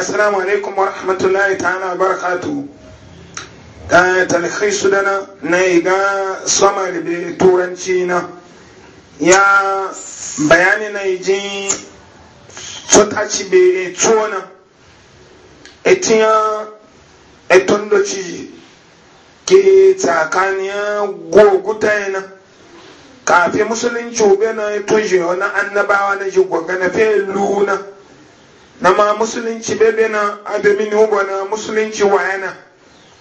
assalamu alaikum wa rahmatullahi ta'ala barakatu ta talhai su dana na iga soma da turanci na ya bayani na ji tsotaci be tuwona etiya eton doci ke tsakaniyar goguta yana kafin musulunci ube na eto jiyo na annabawa na jigwa gana luna na ma musulunci bebe na adami ni ubo na musulunci wayana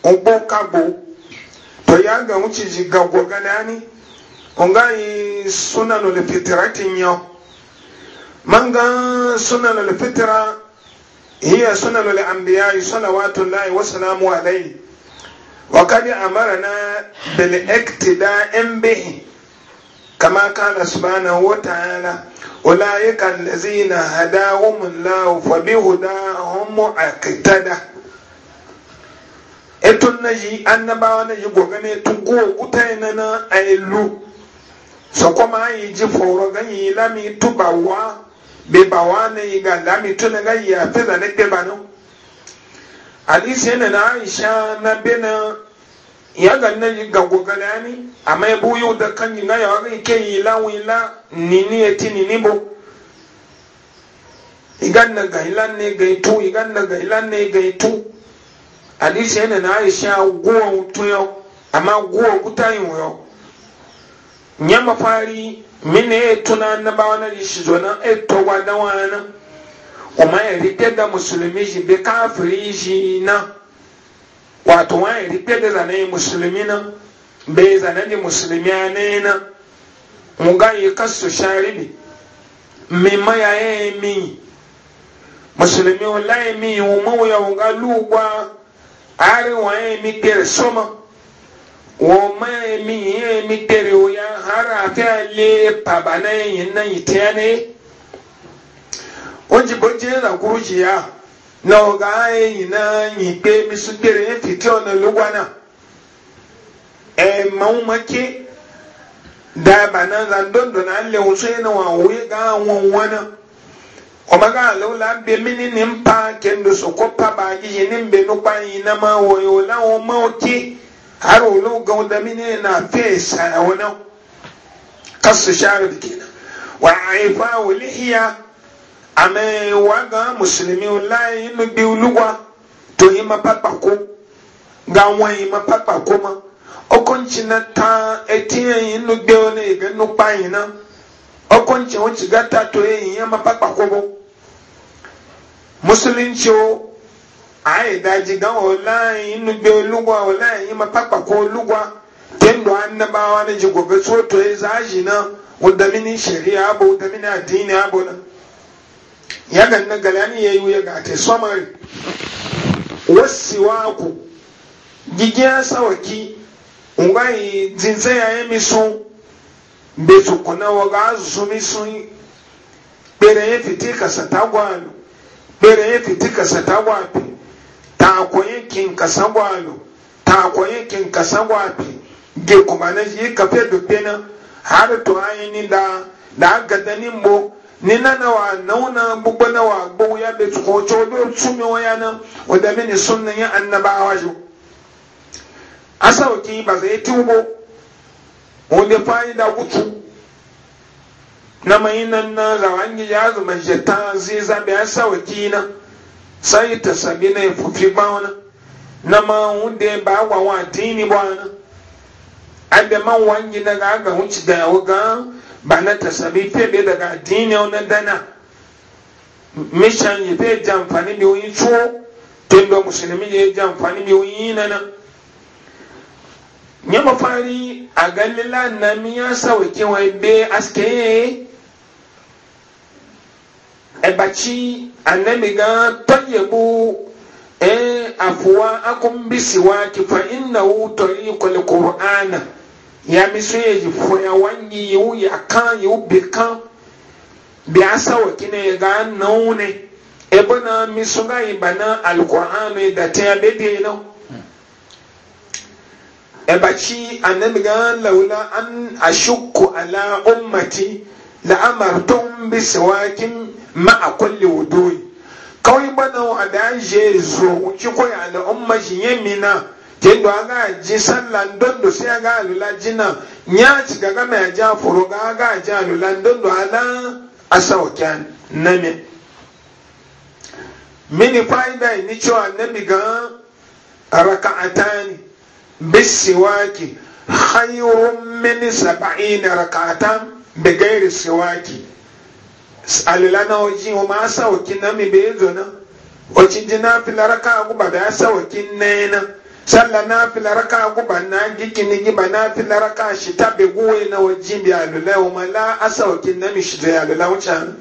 ugbo kagbo to ya ga wuce ji gago galani ga yi sunan ulfitiratin yau man ga sunan ulfitira hiya suna ulambiya layi wasu salamu layi. wa kadi amarna bil iktida'in bihi كما قال سبحانه وتعالى أولئك الذين هداهم الله فبهداهم اقتدى etun na yi annabawa na yi gogane tun ko kuta na na ailu so kuma yi ji foro ganyi lami tubawa be bawa na ga lami tun ga yi a fi na aisha na benin ya ga nan ga gogala ni amma ya buyu da kan yi na ya ga ke yi la wi la ni ni eti ni ni bo igan na ga ilan ne ga itu igan na ga ilan ne ga itu hadisi yana na aisha guwa yo? amma guwa guta yin yo nyama fari mine ya tuna na ba wani shi zo na e to gwa da wani kuma ya rike da musulmi shi be kafiri shi na wato wani rikpe da zane musulmi na bai zane da musulmi ne na mu ga yi kasu shari sharibi mi maya ya yi min? musulmi wallahi mi yi umu ya wuga lugwa arewa ya yi min kere soma ya yi min ya yi min kere wuya, har a ta le pabana yi nan ita ne wajibojiya da kurujiya na ọga anyị nyinaa yi ikpe misutere etiti ọnụlụgwa na e ma ụmụake daba na nza ndondo na nle wụsọ ya na nwanwe ga anwụ nwa na ọmaga ala ụlọ abịa mmiri na mpa ke ndụ sokwa paba ajihi ne mbe nukwa anyị na ma wọ ya ụla ọma oke har ụlọ ụga ụda mmiri na fes a wụ na kasu shahid kenan wa aifa wa lihiya ame wa ga musulmi lai inu gbi ulugwa to yi papa ko ga wọn ma papa ko ma na ta etinye yi inu na ona iga nukpa yi na ga to yi ya ma papa ko bo musulunci o a yi daji ga wọn lai inu gbi olugwa o lai yi papa ko olugwa tendo annabawa na ji gobe so to yi zaji na wadda shari'a abu wadda addini yagan na galani ya yi yaga te somari wasiwaku gigiya sawaki ngai zinze ya yemi sun betu kuna waga azumi sun bere ya fiti ka satagwalo bere ya fiti ka satagwapi ta koyi kin ka sagwalo ta koyi kin kasa sagwapi ge kuma na yi kafe dupena har to ayini da da gadanin mo Ni na wa nauna gbogbo na wa gbogbo ya da tuko do wa ya nan wanda mini sunnan ya annabawa jo asauki ba zai tubo wanda fayi da wutu na mai nan na zawangi ya zama jeta zai zabe asauki na sai ta sabi na fufi ba wani na ma wanda ba wa wa tini ba wani man wangi na ga ga wuce da ya wuga ba ta sami febe daga addini na dana mission yi fe jamfani bi oyin tso tun da musulmi yi jamfani bi oyin nana Nya mafari a galila na miya sawa kewa be aske ebaci annabi ga tayyabu e afuwa akun bisiwa ki fa innahu tariqul qur'ana yami so yɛ yifo ya wanyi yewu ya kan yewu bi kan bi asa wɔ kini yɛ gaa nawu ne ebe na mi so ga yi ba na alukur'an no date abedie no ebakyi anabi gaa lawula an ashuku ala ummati la amartum bi siwakin ma akulli wuduyi kawai bana wa da je zo wuci koyi ala umma shi yemina tendo aga ji sallah do sai aga alula jina nya ci gaga mai ja furo ga aga ji alula ndondo ala asawkan nami mini faida ni cewa nabi ga raka'atani bisiwaki khayrun min 70 raka'atan bi ghairi siwaki alula na oji o ma asawkin nami be zo na o ci jina filaraka ku ba da asawkin nena sallah na fila raka ba na ni giba na fila raka shi ta be goye na wajen bi alula wa mala asaukin na mi shi da alula wucin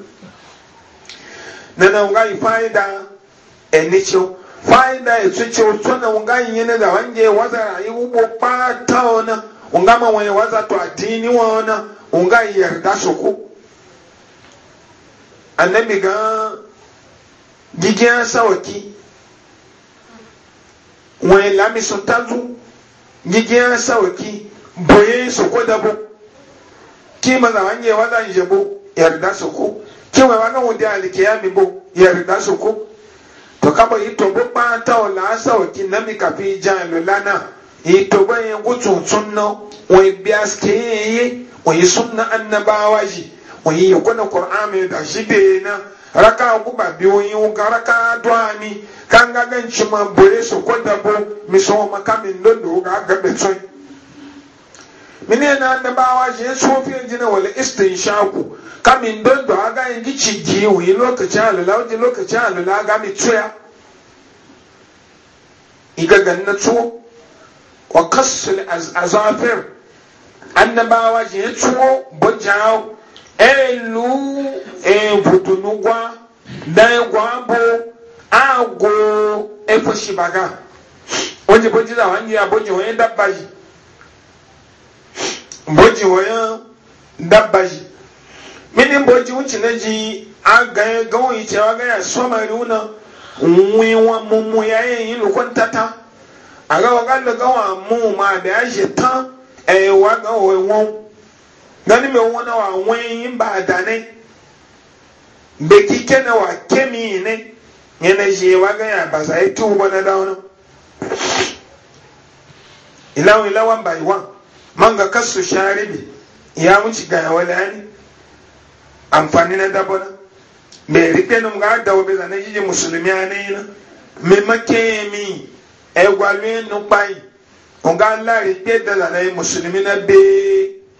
na na nga yi fa'ida eni ciwo fa'ida etu ciwo to na nga yi ne da wange waza rayu ubo ta ona nga ma wani waza to adini wa ona nga yi yarda su ku annabi ga gigiyar sawaki wọn lami suntazu gigiya sawaki boye su ko dabo ki maza wange wala jabo yarda su ko ki wa wana wudi alikiyami bo yarda su ko to kaba ito bo ba ta wala sawaki nami kafi jalo lana ito ba yin gutsun sunna wai biaske yi wai sunna annabawa yi ji wai yakuna qur'ani da shi na raka guba biyu ga raka duani kan ga ganci ma bore su ko da bo mi so ma kamin dondo ga ga betsoy mine na da bawa je so fi jina wal istinshaku kamin dondo aga yin gici ji wi lokacin alala wani lokacin alala ga mi tsoya iga ganna tso wa kasul azafir annabawa je tso bojawo elu ebudunugwa na egwa bụ agụ efoshibaga onye boji na wani ya boji onye dabaji boji onye dabaji mini boji wuce na ji aga gawon yi cewa ga ya somari una nwiwa mummu ya yi yi ntata aga a gawa ga da gawa ma da ya shi ta ewa gawa wani gani me wona wa wen ba dane be kike na wa kemi ne yana je wa ga ya ba sai e tu bona da wono ilaw ilawan bai wan manga kasu sharibi ya wuce ga wala ni amfani na dabona be rike no ga da wobe da ne je musulmi ane na me makemi egwalu no pai onga lari pe da la musulmi na be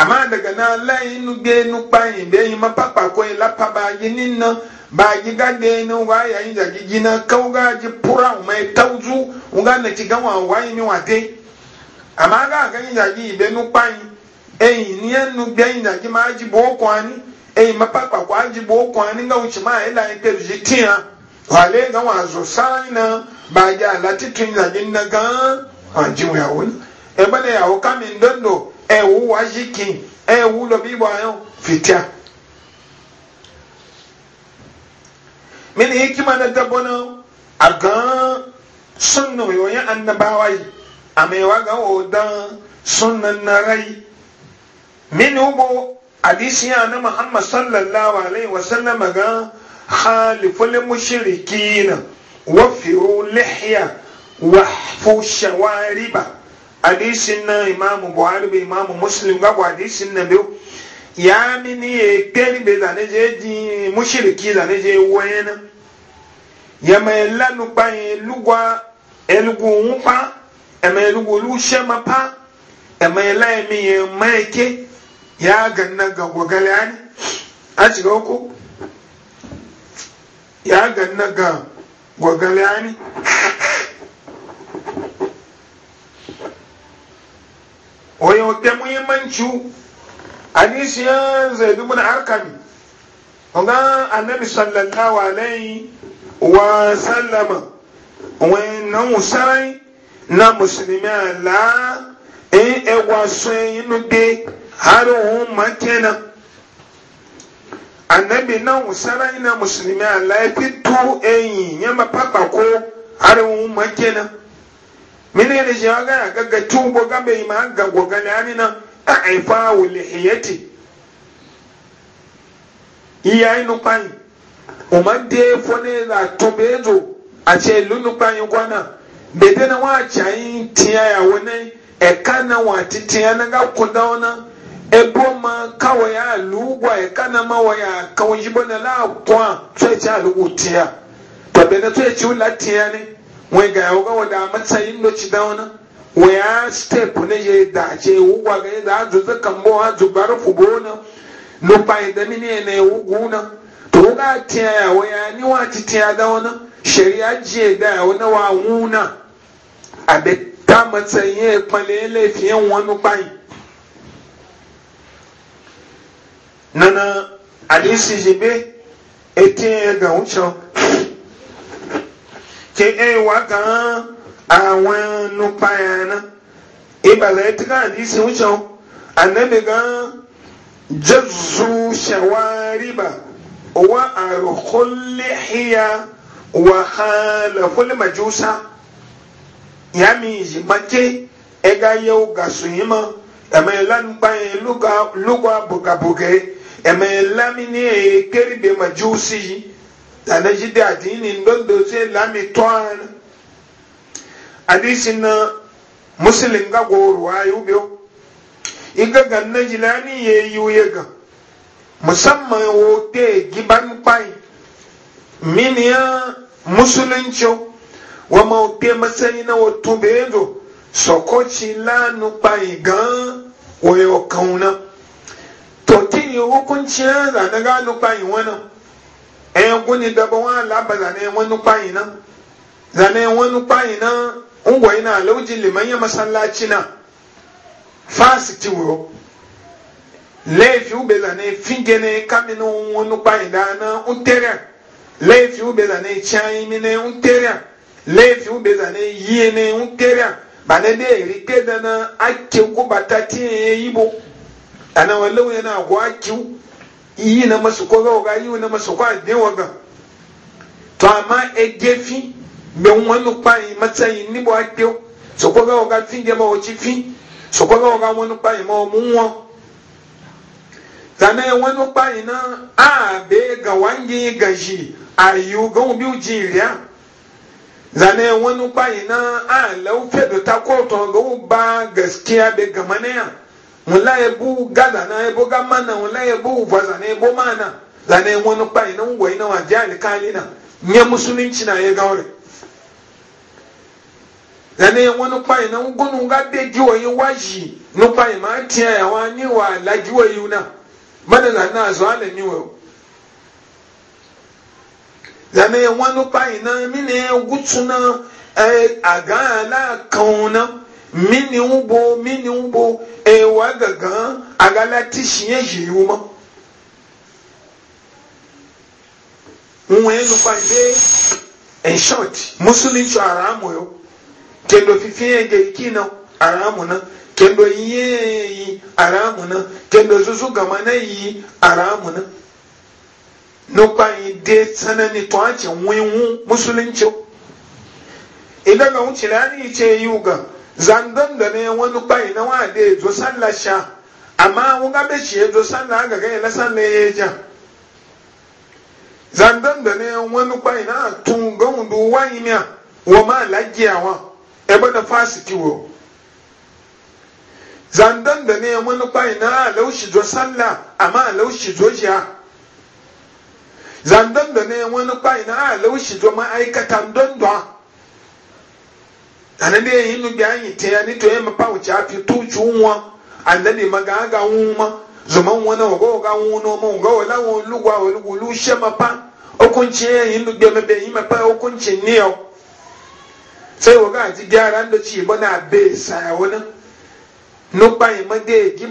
amma daga na layi nuge nukpa yi be yi ma papa ko yi lapa ba yi nin ba yi ga de ni yi jagi ji na kau ga ji pura ma yi tauzu nga na ci gan wa wayi yi ni wa de amma ga ga yi jagi yi be nukpa yi eyi ni ya nuge yi jagi ma aji bo ko eyi ma papa ko aji bo ko ani nga uchi ma yi la yi te tiya wale ga wa zo sai na ba ya la ti tun jagi na gan wa ji wa wuni ebe ne ya o kamin dondo ɛwu wa yi kin ɛwu lɔ bi bɔ ayɔ fitia mini hikima na dabɔ na a gan sunna o yɛ annabawa yi a mɛ wa gan o dan sunna nara yi mini o bɔ hadisi a na muhammad sallallahu alaihi wa sallam gan khaliful mushrikina wafiru lihiya wahfu shawariba. hadisin na imamu buhari be imamu muslim gabo hadisin na biyu ya mini ya e keni be zane je di mushiriki zane je wena ya ma lanu nupa ya lugwa elugu nwupa ya ma elugu lushe mapa ya ma ela ya mi ya eke ya ganna ga gwagale ani a shiga uku ya ganna ga gwagale ani wayo da muhimmanci hadisi ya zai dubu na arkami ga annabi sallallahu alaihi wa sallama wannan usarai na musulmi ala in ewa sun yi de har ohun makena annabi na usarai na musulmi ala ya fito eyin yamma papako har ohun makena mini ne shi ya gaya gaga tubo gabe yi ma ga gogana ani na a haifa wa lihiyati iya inu kwanyi o ma de fone la tobe zo a ce lunu kwanyi kwana bede na wa cayi tiya ya wani eka na wa titiya na ga kuda wana ebo ma kawo ya lugwa eka na ma wa ya kawo jibo na la kwa tsoye ci alugu tiya to bede tsoye ci wai ga yawo gawa da matsayin da ci da wani waya step ne je da ce wugwa ga yadda azu zakan bo azu bar fubo na lupa da mine ne wugu na to ga tiya ya waya ni wa ci tiya da wani shari'a je da wani wa wuna a da ta matsayin ya kwale laifiyan wani bayi nana hadisi jibe etin ya ga wucin ke ewa gan àwọn nupayana ibala etika hadisi wucin annabi gan jazu shawariba wa arhulihiya e wa halaful majusa ya mi ji make ega yau ga su yi ma eme lanbaye lugwa bugabuge eme lamini e keribe majusi tana ji da addini don da lami tuwan hadisin na musulun ga goruwa yau biyu iga ganna jilani ya yi yuye ga musamman wo giban pai miniya musulunci wa ma te masani na wato bezo sokoci lanu pai gan wayo kauna to ti hukunci ya zanaga nu pai ɛn kuni dɔbɔ wɔn laba zane wɔn nukpa na zane wɔn nukpa yi na ngwa wɔyi na alawuji lima nye masalaci na faasi ti wo lɛɛfiw bɛ zane na kamina wɔn nukpa na n tɛrɛ lɛɛfiw bɛ zane tiɲɛ na n tɛrɛ lɛɛfiw bɛ zane yie na n tɛrɛ bana de eri kpe dana akewu bata tiɲɛ yibo ana wɔn lɛwu yɛ na agɔ akewu. iyi na masu koga waga yi na masu kwa de waga to amma e gefi be wani kwayi matsayi ni bo akpeo so koga waga fi de ma ochi fi so koga waga wani kwayi ma mu wo zana wani kwayi na a be ga wangi gaji ayu ga ubi uji ria zana wani kwayi na a laufe da ta ko to ga ba gaskiya be gamane ya wula ebu gada na ebu gama na wula ebu uvaza na ebu mana na enwe nukpa ina ngwa ina wa jali na nye musulunci na ye na enwe nukpa nga waji nukpa ma tiya ya wa ni wa una mana na azo ala na enwe mini ugbo mini ugbo ewa gangan agala ti shien yiwu mo wọn ẹnu pàdé ẹnṣọt mùsùlùmí tso aramu yọ kendo fífi ẹgẹ kí na aramu na kendo yíyẹyìn aramu na kendo zuzu gama na yìí aramu na nípa yìí dé sanani tó a jẹ wíwú mùsùlùmí tso ìdága ń tìlẹ̀ á ní ìtsẹ̀ yìí zandon da ne wani bai na wanda ya zo sallar sha amma wani ga shi ya zo sallar ga gaya na sallar ya yi jan zandon da ne wani bai na tun ga wundu wani wa ma lagiyawa ebe da fasiti wo zandon da ne wani bai na laushi zo sallar amma laushi zo jiya. zandon da ne wani bai na laushi zo ma'aikatan don don anabi eyi nu bi anyi te ya nito ya mapa wuce api tuchu nwa andabi ga aga nwuma zoma nwa na ogo oga nwuna omo nga wala wo lugwa olugu lu she mapa okunche eyi nu bi mebe eyi mapa okunche niyo sai oga ati gyara ndo ci bo na be saya wona nukpa yi made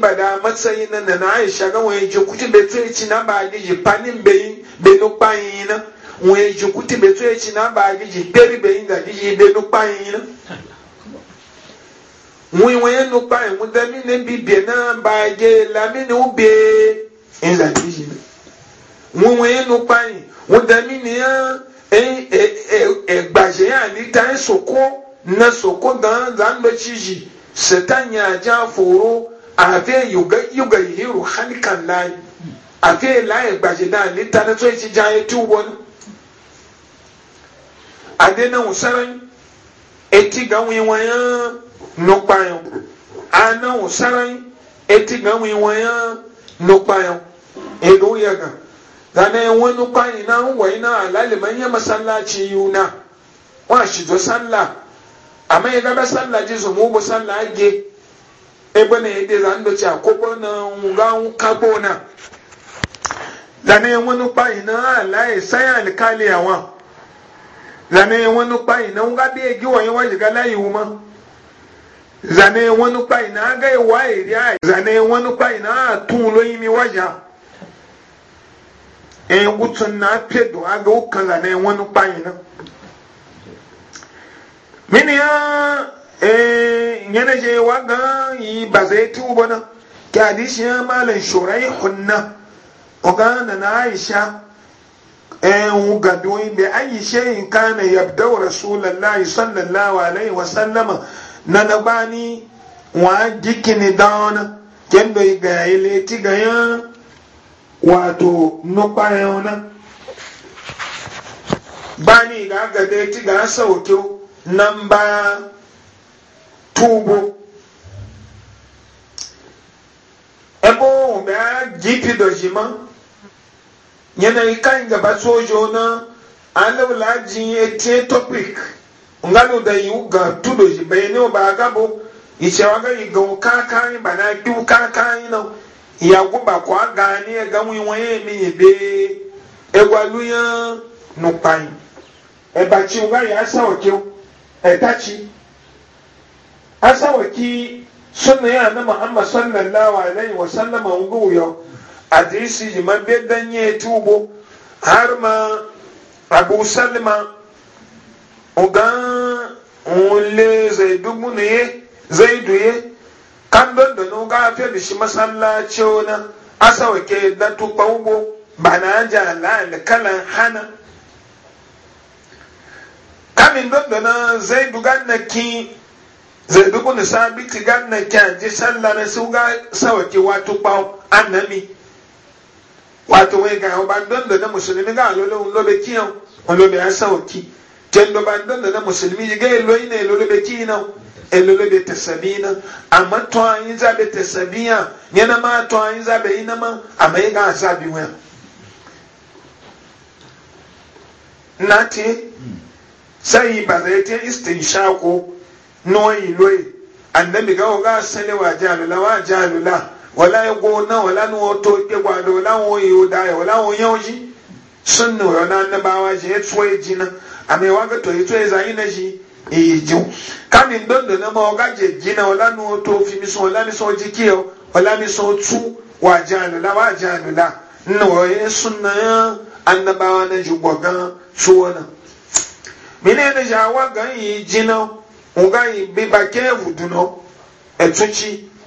na na na aisha ga wani ji kuci be na ba ji panin be yi be nukpa na wọn eju kuti betu ekyi namba agiji gberi beyin da agiji ibe nukpa yin na wọn wọn yɛ nukpa yin wọn dami ne bi bie namba agye lami ne wo bie yin da agiji na wọn wọn yɛ nukpa yin wọn ne soko na soko dan dan bɛ tsi zi foro afe yuga yuga yi hali kan lai afe lai ɛgbazɛ dan alita ne so etsi dza yɛ ti wɔ na. ade na wusaran eti ganwi wanya nukpayo ana wusaran eti ganwi wanya nukpayo edo yaga zane wani kwayi na wai na alaliman ya masallaci yuna wa shi zo sallah amma ya gaba sallah ji su mubu sallah age ebe na yadda zan doce e a kogo na ngan kabo na zane wani kwayi na alaye sai alkali yawan zane wani kpai e na nga bi egi wani wani ga iwu wuma zane wani kpai na aga yi wa iri ayi zane wani kpai na a tun yi mi waja en wutsun na pe do aga ukan zane wani kpai na mini ya eh yana je wa ga yi ba zai ti ubana ki hadisi ya malan shurai hunna o ga na na aisha ehun gadoyin bi ayi sheyin kana yabdau rasulullahi sallallahu alaihi wa sallama na na bani wa jikini dawana kendo ga ile ti ga ya wato nupa yana bani ga ga de ti ga sauto namba tubo ebo o ga jipi dojima yanayi kan gaba sojo na alawla jin ete topic ngalo da yi ga tudo ji bayani ba gabo ice wa ga ga kakan ba na ki kakan na ya ba ko ga ni ga wi waye mi be e gwaluya no pai e ba ci wa ya sa oke e ta ci asa wa ki sunna ya na muhammad sallallahu alaihi wasallam ngu yo hadisi ji man bai danye tubo har ma abu salma ugan wule zai dubu ye zai duye kan don da nuga fiye da shi masallaci wani asawa ke da tukpa ugbo ba na aja la'ala kalan hana kamin dondo na zai dugan na ki zai dubu sabiti gan na ki a ji sallar su ga sawa ke wato anami. wato wai ga ba dondo na musulmi ga lo lobe lo be lobe lo be asawo ki tendo ba dondo na musulmi ga lo ine lo lo be kino e lo lo be tasabina amma to an za be tasabiya yana ma to an za be ina ma amma ga asabi wa nati sai ba zai ta istinshaqo noyi loyi annabi ga ga salewa jalula wa jalula wala yago na wala nu oto ke gwado wala wo yo da wala wo yoji sunnu yana annabawa je tsoye jina ame waga to e tsoye zai na ji e ju kamin dondo na ma waga je na wala nu oto fi mi so wala mi so jikio wala mi so tu wa janu la wa janu la nno ye sunna annabawa na ju gwaga tsuwana mine ne ja waga yi jina waga yi biba ke vuduno etuchi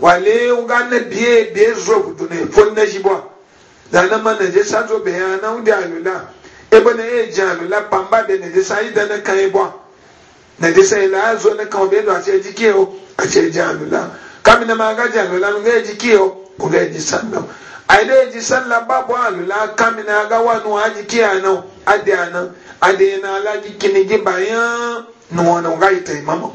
wale nga na biye da ya zo kudu ne fon na shi da na ma na je sa zo be ya na wudi alula e ba na ye je alula pamba de na je sa yi da na kan ba na je sa yi la zo na kan be do a ce jike o a ce je alula kami na ma ga je alula nga jike o ko ga ji sallah ai da ji sallah babu alula kami na ga wa nu a jike anan ade anan ade na ala jike ni ji bayan nu wona ga ita imamu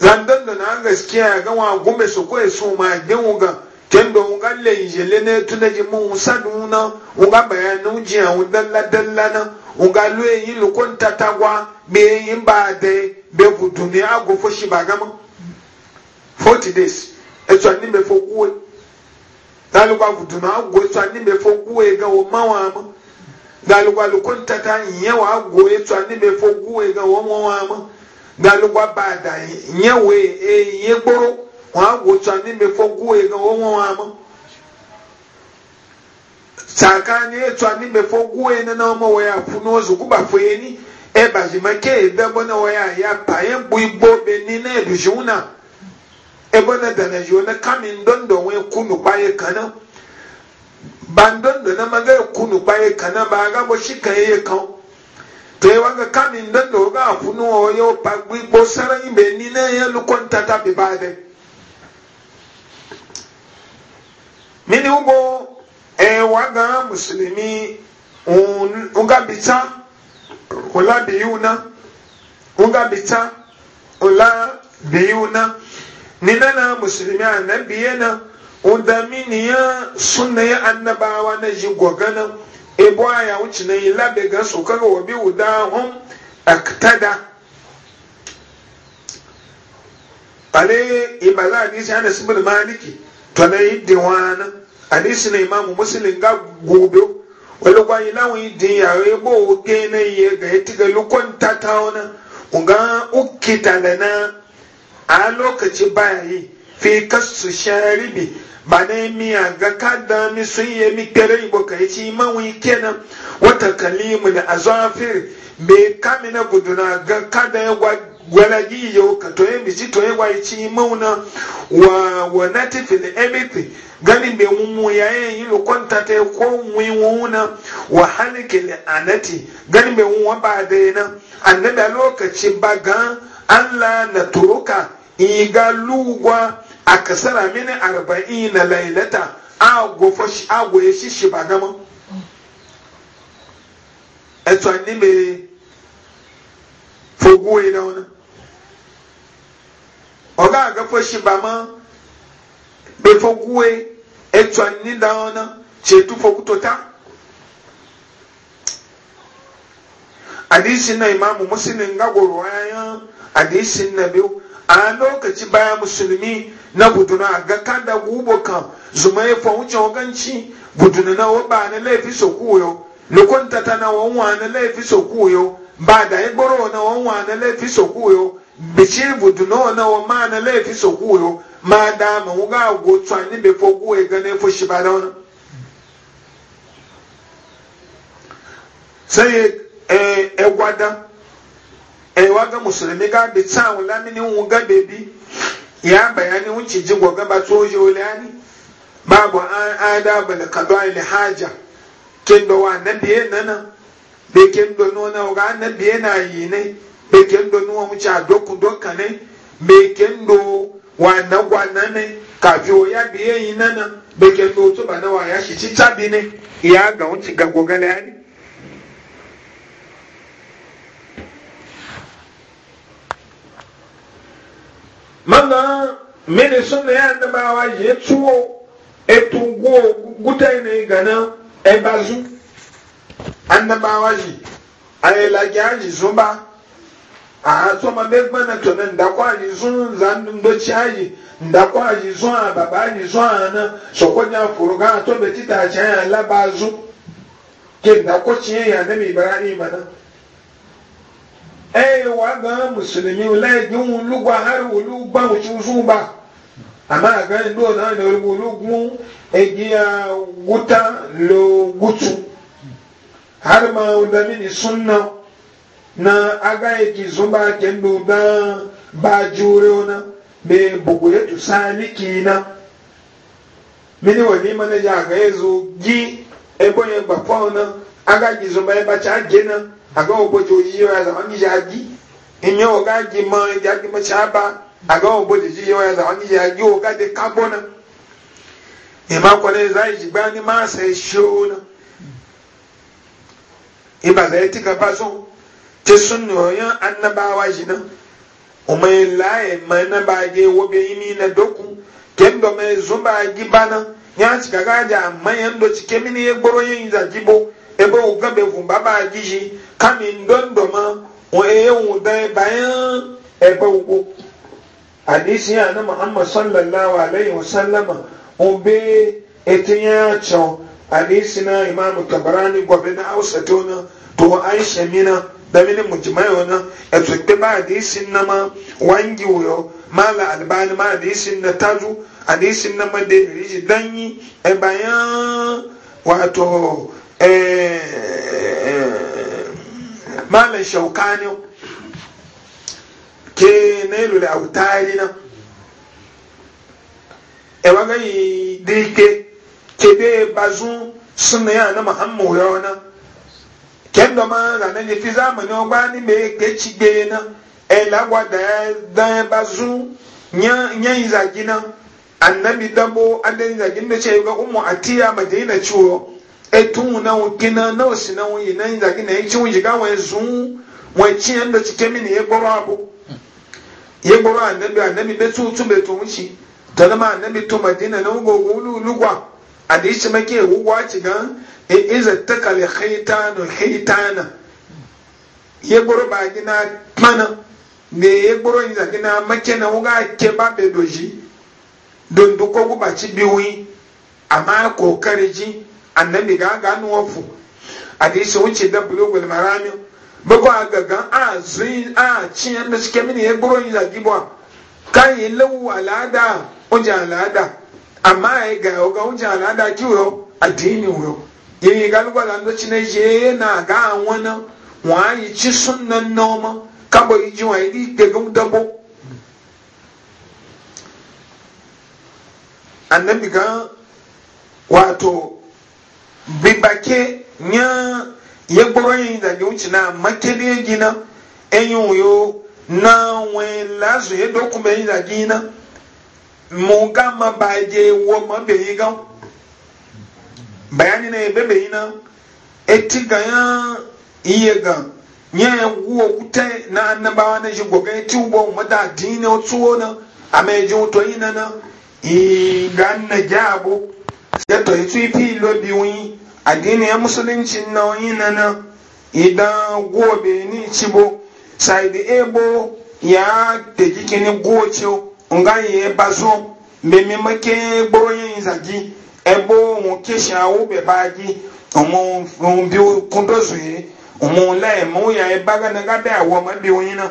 zandan da na gaskiya ga wa gome su ko su ma gin ga kendo unga le yele ne tuna ji mun sadu na bayanu ji an dalla dalla na unga lu e yin lu kon tatagwa be yin ba de be kudumi ago fo shi ba gama 40 days e so ni be fo kuwe ba ago so ni fo kuwe ga o ma wa ma ba lu kon tata yin wa ago e so ni ga o ma wa na galuwa bada nye wee ee ye gboro wọn agwụcha n'ime fogu ego onwe ha mụ saka anyị etu a n'ime fogu ene na ọma wee afụ n'ozu kwụba fụ eni ebazimake ebe na wee e ya pa ye mgbu igbo beni na eduziwu na ebe na danajiwo na kami ndondo wee kunu kpaye kana ba ndondo na maga kunu kpaye kana ba aga bụ shi kan ye kan te wanga kani ndendo ga kunu oyo pagwi bosara imbe nine ya lukonta ta bibade mini ubo e wanga muslimi un, unga bita ula biuna unga bita ula biuna nina na muslimi anabiyena undamini ya sunna ya annabawa na jigwagana ebo aya wuce na yi labe ga su kaga wa biyu da hun aktada ale ibala hadisi ana sibir maliki to na yi diwana hadisi na imamu musulun ga gobe wani kwayi lawon yi din yare bo oge na yi ga ya tiga lukon tata wani nga ukita da na a lokaci baya yi fi kasu sharibi ba na miya ga kada mi sun yi mi kere ibo ka ci mawi kenan wata kalimu da azafir be kamina guduna ga kada ya gwalagi yau ka toye mi ci toye wa ci mauna wa wa da emiti gani be mummu yayin yi lokonta ta ko wuna wa da anati gani be muwa ba da yana annabi a lokacin ba ga Allah na turuka iga lugwa akasara mini arba'in na lailata agwo ya shishi ba gama eto ni me fogu ina ona oga aga foshi ba ma be fogu e eto ni da ona chetu fogu tota hadisin na imamu muslim ga goro ayan hadisin na biyu a lokaci baya musulmi na buduna aga kanda gubo kam zuma ya fa wuce waganci buduna na ba na laifi so kuyo lukunta ta na wanwa na laifi so kuyo ba da ya gboro na wanwa na laifi so kuyo bici buduna na wa ma na laifi so kuyo ma da ma wuga go tsani be fo kuyo ga na fo shi ba da wani sai eh egwada eh, eh waga musulmi ga bi tsawon lamini wuga bebi ya bayani wuce ji gwa gaba tsojo lani babu an ada bala kadwa ili haja kendo wa nan, nana be kendo nuna. wa nabiye na yi ne be kendo nuna wuce a doku doka ne be kendo wa na gwa nane kafi o ya biye yi nana be kendo to ba na wa ya shi ci tabi ne ya ga wuce ga gwa gala yani mana mene so na ya annabawa ya tuwo etu go gutai ne gana e bazu annabawa ji ayi lagi aji zuba a so ma be gbana to ne ndakwa aji zun zan ndo chi aji ndakwa aji zun a baba aji zun a na so ko nya furu ga to be tita cha ya labazu ke ndakwa chi ya ne mi ibrahim na ɛyɛ wagan musulumi lɛɛdun lugba hali olu gba mususu ba ama agan do na na olu olu gun ejiya guta lo gutu hali ma dami ni sunna na agan eki zumba kendo da bajure na be bugure tu sani kina mini wani mana ya ga ezo gi ebo ye gba fa na aga gi zumba e ba cha gena aga obojo yiwa za wangi jagi inye oga gi ma jagi ma chaba aga obojo yiwa za wangi jagi oga de kabona ima kone za e jigba ni ma se shona iba za e tika bazo te sunno ya annabawa jina umai laye mai na e bage wobe imi na doku kendo mai zumba gibana ya cika gaja amma yando cike mini ya gboro yin zagibo ebe wo gabe vumba ba jiji kami ndondo ma wo eye wo dan bayan ebe wo hadisi ya na muhammad sallallahu alaihi wasallama wo be etinya hadisi na imam tabarani gobe na hausa tona to aisha mina da mini mujmai wona etu pe ba hadisi na ma wangi mala albani ma hadisi na tazu hadisi na ma de riji danyi e bayan wato Eh, eh, eh, malam shaukani ke ilu da autari na ewa gani dike de bazu suna ya na muhammu yana kendo ma ne fi zamani ogba ni mai ke gbe na elagwa da ya bazu nyan zagi na annabi dabo adin zagin da ce ga umu atiya madina ciwo etumu na wukina na osina wuyi na nza gina yi ci wuyi ga wani zun wani ci yan da cike mini ya gboro abu ya gboro annabi annabi bai su tun bai tun shi ta zama annabi to madina na wugo wulu lugwa adi da yi make wugwa ci gan e iza ta kale haitano haitana ya gboro ba gina mana ne ya gboro yi gina make na wuga ke ba bai doji don duko gubaci ama amma kokari ji annabi ga ga nu wofu hadisi wuce da bulugul marami bago agaga a zuin a ciyan da suke mini ya guro yin zagibo kan yi lawu alada oje alada amma ya ga ga oje alada kiwo addini wuro yayi galugo da ndo cine je na ga anwana wa yi ci sunnan noma kabo yi ji wa yi tegun dabo annabi ga wato bibake nya ye gboro yin da ju china makede gina enyu yo na we lazu ye dokume yin da gina mu ga ma baje wo ma be yin ga bayani na be be yin na eti ga ya iye ga nya wo kute na annabawa na shi goga eti ubo mu da dine otuo na ameje to yin na na i ga na jabo ya to filo fi lobi wi addini ya musulunci na wani nana idan gobe ni cibo sai da ebo ya teji kini goce nga ye bazo mbemi make gboro yin zagi ebo mu kesha wo be baji omo bi kundo zuye omo lai mu ya e baga na gabe awo ma bi yin na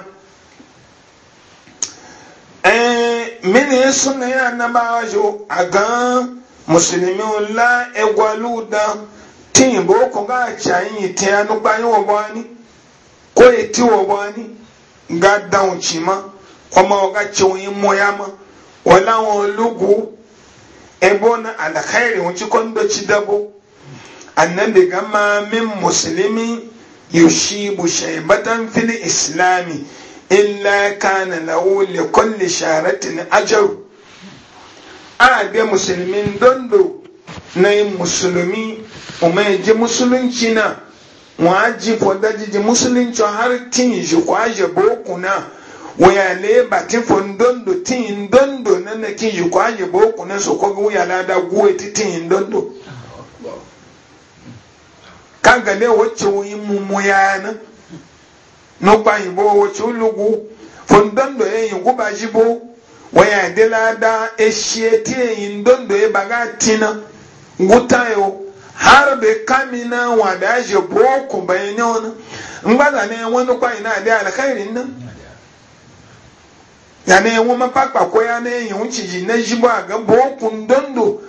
eh mini sunna ya na ba jo agan musulmi la egwalu da tin bo ko ga chayin tin anu gba yin wo bani ko e ti wo bani ga daun chima ọmọ ga chewin moyama wala won lugu ebona ala khairi won chikon do chidabo annabi gama min muslimi yushibu shaybatan fil islami illa kana lahu li kulli sharatin ajru a be musulmin dondo na yin musulmi umar ji musulunci na waji foda jiji musulunci har tin shi kwaje boku na waya le batin fon dondo tin dondo na na kin shi kwaje boku na so ko wuya lada guwe ti tin dondo kan ga le wacce wuyin mummu yana no ba yi bo wacce lugu fon e ya yayin guba shi bo waya adịla ada eshie tie yi e ịbaga tina nguta yo har be kamina wa boku na enwe nukwa ina adi alkhairi nan ya na enwe mapakpa ko ya na enyi wuciji na jibo aga boku ndondo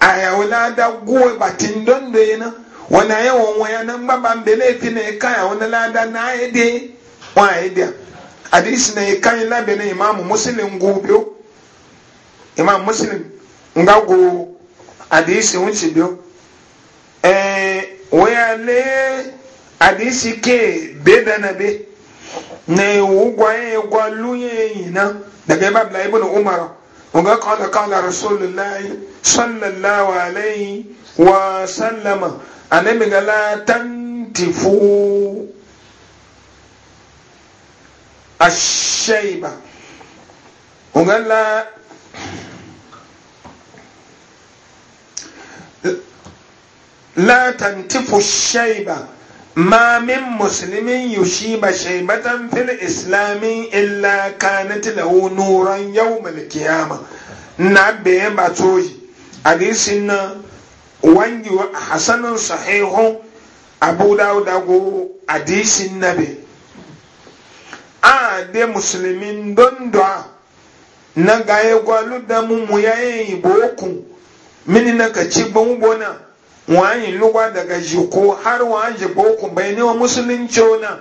a yawula ada guwe bati ndondo yana wani ayawa wani na mgbaba mbele fi na ika ya wani na wa hadisi na kan labe na imamu muslim gubio imam muslim nga gu hadisi wuce biyo eh waya le hadisi ke beda na be na ewu gwaye gwaluye yina daga ibab la ibnu umar nga ga qala rasulullahi sallallahu alaihi wa sallama anemi gala tantifu الشيبة، asheiba ungala لا tantifu sheiba ما من مسلم يشيب شيبة في الإسلام إلا كانت له نورا يوم القيامة نبي باتوي حديثنا وانجو حسن صحيح أبو داود أبو حديث النبي a de musulmin don doa na gaye ya gwalu da mu ya yi boku mini na ka ci ban bona wani daga jiko har wani boku bai ne wa na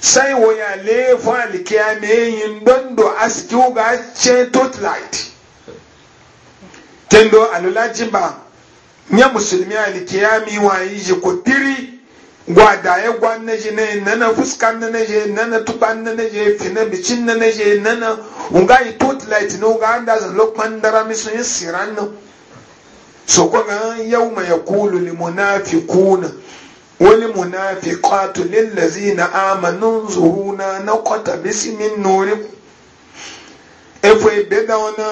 sai wo ya lefu alikiyami mai yin don do aski ga ce totlight tendo alula jiba nya musulmi alikiyami mi wa yi jiko tiri gwada ya gwan na je ne nana fuskan na na je nana tuban na na je fina bicin na na je nana unga yi tot light na unga anda za lokman dara mi sun yi siran na so ko ga yau ma yaqulu lil munafiquna wal munafiqatu lil ladzina amanu zuruna naqata bismin nurikum efo ebe da wana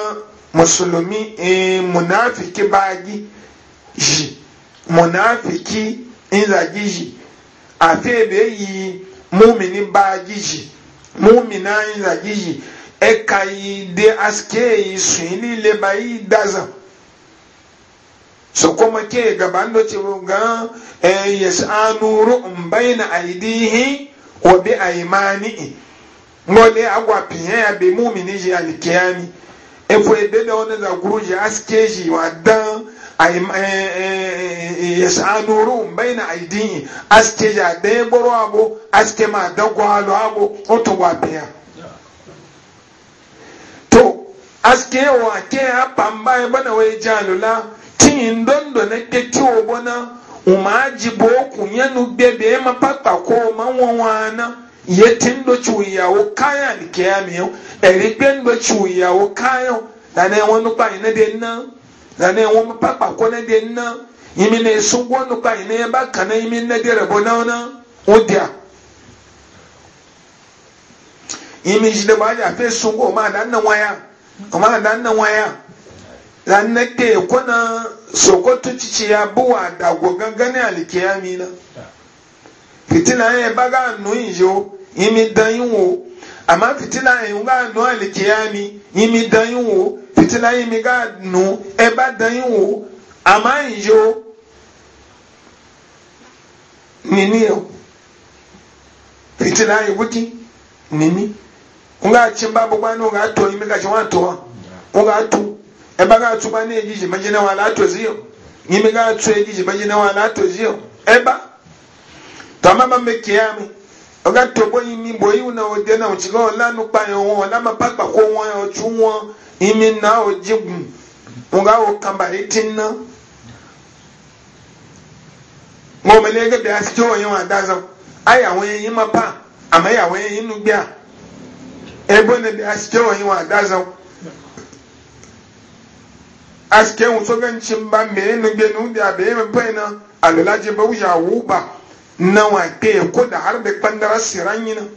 musulumi e munafiki bagi ji munafiki in ji ji ate ebe yi mumini ba jiji mumina za jiji eka yi de aske yi sun niile ba yi daza so kee gaba gaban da ce ga ya sa'anu ru'un bayna aidihi wa bi aymanihi ngole agwa piye ya be mumini ji alkiyami efo ebe da wani za ji aske ji wa dan Eh, eh, eh, yasa nuru baina aidi aske ya de gboro abo aske ma dogo alo abo o to wa biya to aske yawa ke a pamba e bana we jalula tin dondo na ke ti o bona ji bo yanu bebe ya papa ko ma won wana yetin do chuyawo kaya ke ya o eri gbe ndo chuyawo kayan dane wonu pa ina na zane wɔn kpakpa kɔ ne deɛ nna yimi ne sungbɔ no kpa yimi ba kana yimi na deɛ rɛbɔ na na o dia yimi zi de ba yi afe sungbɔ o ma da na waya o ma da na waya la ne te na sokoto tsitsi ya bo wa dago gangan ne alikiya mi na fitina yɛ ba ka nu yi o yimi dan yi wo ama fitina yɛ o ka nu alikiya mi. yimi dan yi wo fitina yimi ga nu ɛba dan yi wo ama yi yo nini yɛ fitina yi wuti nini n ka tsi ba bɔ gbani o ka tɔ yimi ka tsi wa tɔ wa o ka tu ɛba ka tu gbani yi dzi ma dzi na wa la tɔ zi yɛ yimi ka tu yi dzi ma dzi na wa la tɔ zi yɛ ɛba tɔ ama ma me kia mi oga to boyi ni boyi na ode na ojiga ola nu pa yan won ola ma pa pa ko won yan tu won imi na ojigun nga o kan ba itin na mo me le ge bi asi to yan adazo ai awon yin ma pa ama ya awon yin nu gbia ebo ne bi asi to yan adazo aske un so gan chimba me nu gbe nu bi abe me pe na alolaje bo ya wu ba na wa pe ko da har da bandara siran yana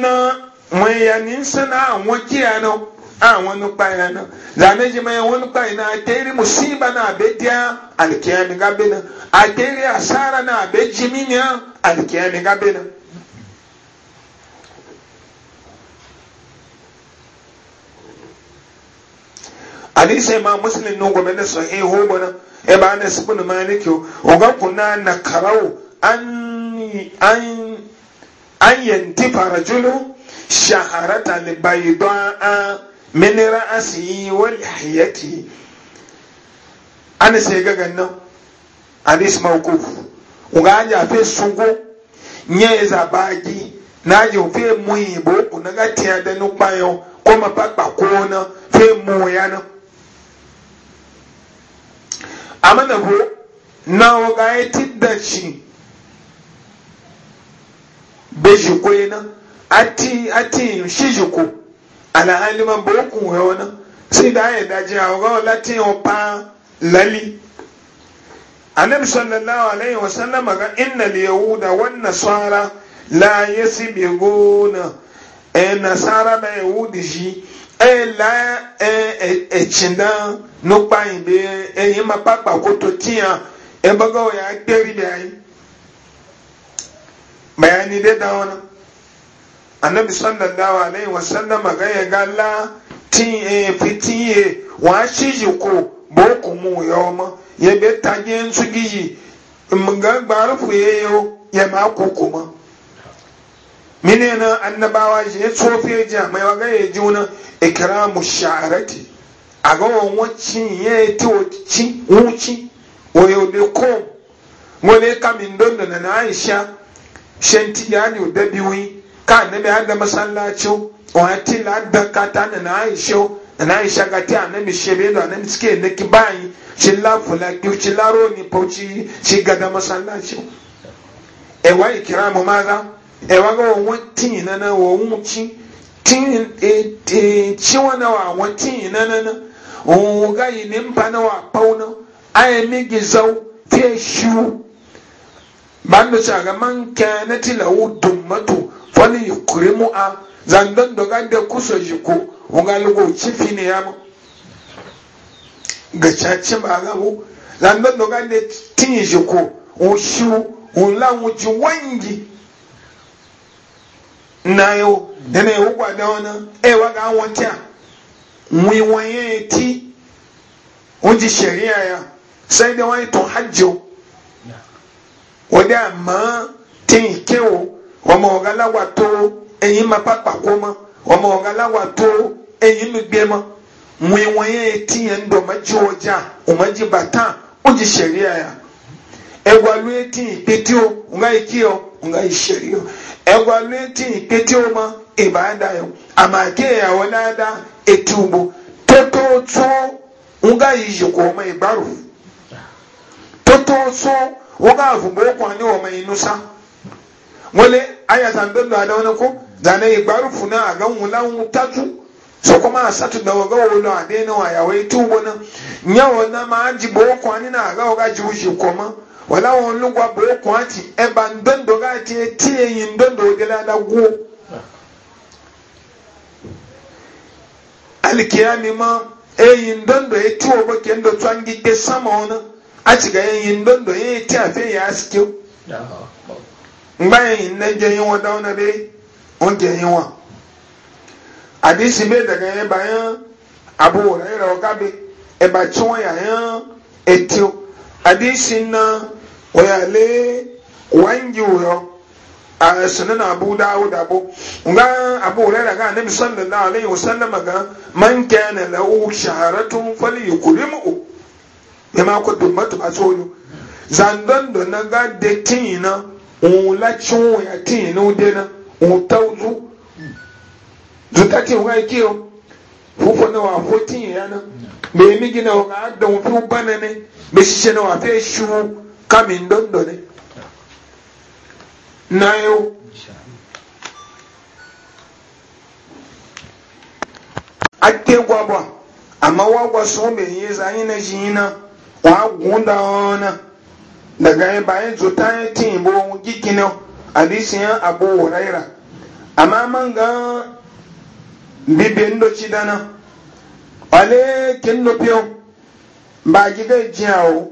na wani ya ninsa na awon kiya na awon nupa ya na zane ji mai wani nupa ya na ateri musiba na abediya alkiyami gabe na ateri asara na abeji minya alkiyami na hadisai ma muslim nu gobe da sahihu bana ebe ana esibu na maliki oga kuna na karau an yanti farajulu shaharata libaidaa min ra'asi wal yahyati ana sai ga gannan hadis mawquf oga ja fe sugo nye za bagi na yo fe muibo unaga tiada no payo koma pa pa kona fe moyana amma da ko na waga ya tidda shi bai shi ko yana ati ati shi shi ko alhali man ba ku ya wani sai da ya daji a waga wala tin ya pa lali annabi sallallahu alaihi wasallam ga innal yahuda wan nasara la yasbiquna eh nasara da yahudi shi ela etsina e, e, nukpa yi be eyi e, ma kpakpa koto tia ebege wo ya ayi bayani de da anabi sallallahu alaihi na sallam ga ya ga la ti e fiti ye wa shiji ko boku mu yo ma ye be taje nsu giyi mga gbarufu ya yo ye ma mine annabawa shi ya tsofe ji mai waga ya ji wani ikiramu sha'arati a ga wancin ya yi ta wuci da wani kamin don da na aisha shanti ya ne da biyu ka annabi har da masallacin wani tila da kata da na aisha da na aisha ga ta annabi shebe da annabi suke da ki bayi shi lafula ki shi laro ni fauci shi ga da ewa ikiramu maza ɛwɔ bɛ wɔn tii nana wɔn kyi tii ee ee kyiwa na wa wɔn tii nana na wɔn yi ne mpa na wa kpaw na ayɛ ne gizaw fie shiw bando sɛ aga man kɛn ne ti la wo domato fɔli yi kure mu a zandan ka de kusɔ yi ko wɔn ga lugu kyi fi ne ya mo gakyɛ kyi aga wo zandan dɔga de tii yi ko wɔn shiw wɔn la wo kyi wɔn yi. na dene ewugwa da ona ewa ga wontia mwi wonye ti onji sheria ya sai da wani to hajjo wode ama tin kewo omo ogala wa to eyin ma papa ko mo enyi ogala wa to eyin mi gbe mo mwi wonye ti en do ya e ti o nga isheriyo egwalwenti ikpeti oma ibadayo amakeyawo nada etubu totootso nga yijikwa oma ibaru totootso nga avumba okwani oma inusa wale aya zambendo adaona ko zane ibaru funa aga nwula tatu so kuma asatu da waga wolo adena wa yawe tubo na nyawo na ma ajibo okwani na aga oga jiwuji koma wala wɔn lugwa bo kɔn ti ɛba e ndondo ka ti e tie yi ndondo gɛlɛ da wo alikiya mi ma eyi ndondo eti e o bo kendo tso angi gbe sama wɔn ati ka eyi ndondo eyi ti afe yi asike o ngba eyi nne gye yi wɔn da wɔn na be wɔn gye yi wɔn adisi be daga yɛ ba yɛ abo wɔn ayɛ la wɔka be ɛba tso wɔn yɛ ayɛ eti o adisi na. wayale wangi wuyo a sunan abu dawud abu nga abu hurairah ga annabi sallallahu alaihi wasallam ga man kana lau shaharatun ma yama ko dummatu basoyo zandon da na ga de tina un la ya tina de na un zuta zutati wa kiyo fufo na wa fotin ya na me mi gina wa ga dan fu banane me shi na wa fe shuru kamin dondo ne nayo ake gwagwa amma wagwa sun bai yi zanyi na shi na wa gunda ona daga bayan zuta ya ti bo wun gikinin hadisiyan abu huraira amma man ga bibe ndoci dana wale kin nufiyo ba gidan jiyawo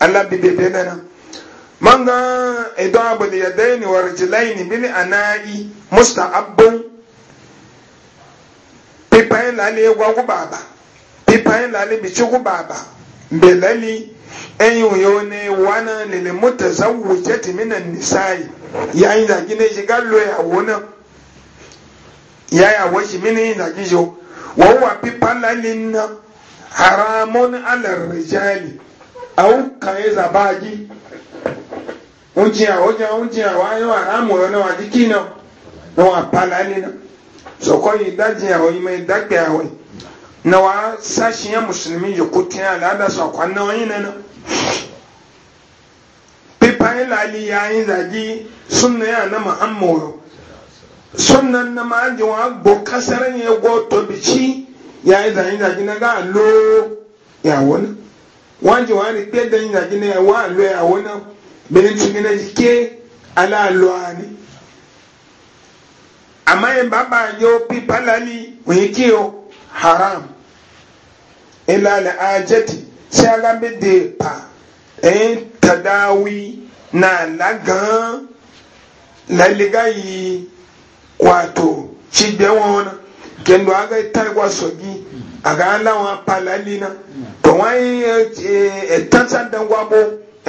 Allah bi be be na manga idan abu ne da yadaini wa rijilaini bil ana'i musta'abbun pipayin lale egwa gubaba pipayin lale bici gubaba belali enyi uyo ne wana lele muta zawuje timinan nisa'i yayin da gine shi yi ya wona ya ya washi mini da gijo wa huwa lali na haramun alar rijali au kaye za baji unjia oja unjia wayo wa yo na wajikino na wapalani na so ko idaji ya hoyi me dakpe ya hoyi na wa sashi ya musulmi yo kutia la da so kwa na oyin na pipa ila ali ya yin zaji sunna ya na muhammadu sunnan na ma wa bo kasaran ya go to bici ya yi zaji zaji na ga lo ya wona wanji wani pe da yin gine wa lo ya wona benin tingina ke ala lo ani amma yin baba yo pi palali wi kiyo haram ila la ajati shaga be de pa en tadawi na lagan laliga yi wato cigbe wọn kendo aga ita igwa sogi aga ala wọn apala lina tọ wọn yi ẹtansa eh, eh, dangwabo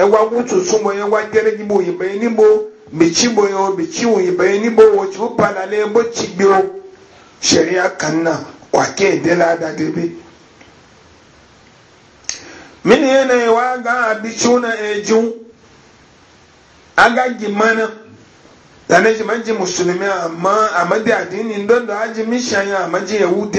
ẹwa eh, wutu sumo yẹn wa gẹrẹji bo yìnbọn yẹn níbo mẹtsi bo yẹn o mẹtsi wo yìnbọn yẹn níbo wọ tsi o pala lẹ bó tsi gbi o sariya kan na wà ké la da débi. mini yẹn na wa gan abitsiw na ẹdziw aga gimana dani jima ji musulumi ama amadi adini ndondo aji misiyan amaji yahudi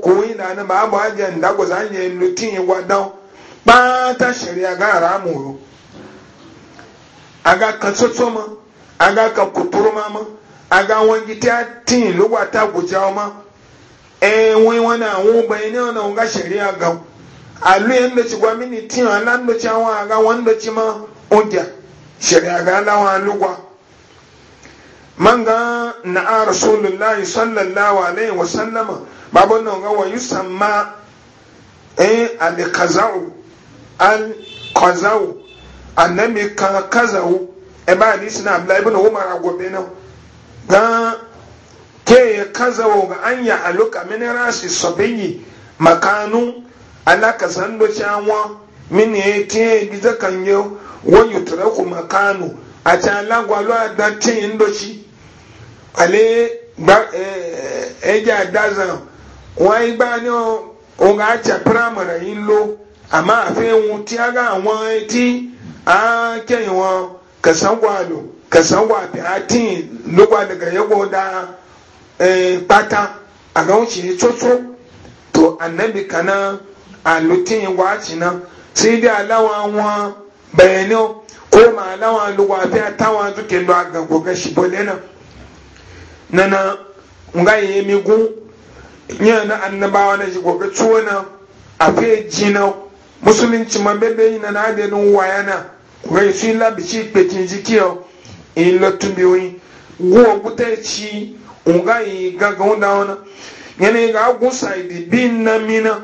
kuyi na ni maa bɔ ajɛ ndagbo zan nyɛ nu tiɲɛ wa dɔn kpaata sariya ga aramu aga ka tsotso ma aga ka kuturuma ma aga wangi ta tiɲɛ lugba ta gujawa ma ɛɛ wɔn wɔn na wɔn bɛn ne na wɔn ka sheria ga alu yɛn ndɔtsi gwa mi ni tiɲɛ ala ndɔtsi awon aga wɔn ndɔtsi ma o dia sheria ga ala wɔn gwa. man ga na'a rasulullahi sallallahu alaihi wa sallama babu nan ga wa yusamma eh al-qaza'u al-qaza'u kaza'u e ba hadisi na abdullahi ibn umar gobe nan ga ke kaza'u ga an ya aluka min rasi sabiyi makanu alaka sando chawa min yete a can a dan indoci ale gba ɛdze e, adaza wọn ayi gba ni wọn ka atsa primary yi lo ama afe ŋun ti aga wọn eti akɛyi wọn kasan wɔ alo kasan a api ati lóko adaka yɛ wɔ da ɛɛ e, pata aga wọn yi tsotso to anabi kana alo ti wɔ atsi na si de ala wọn wọn bɛyɛ ni ko ma ala wọn lo wɔ afi ata wọn to kendo agago gasi bɔ lɛ na. nana nga yi mi gu nya na annabawa na jigo ka tuwo na a fe jina na musulunci ma bebe yi na na ade nun waya na kuka yi sun labi ci kpekin jiki yau in lotun biyu yi guwa kuta ci nga yi gaga wanda wana yana yi ga agun saidi bi na mina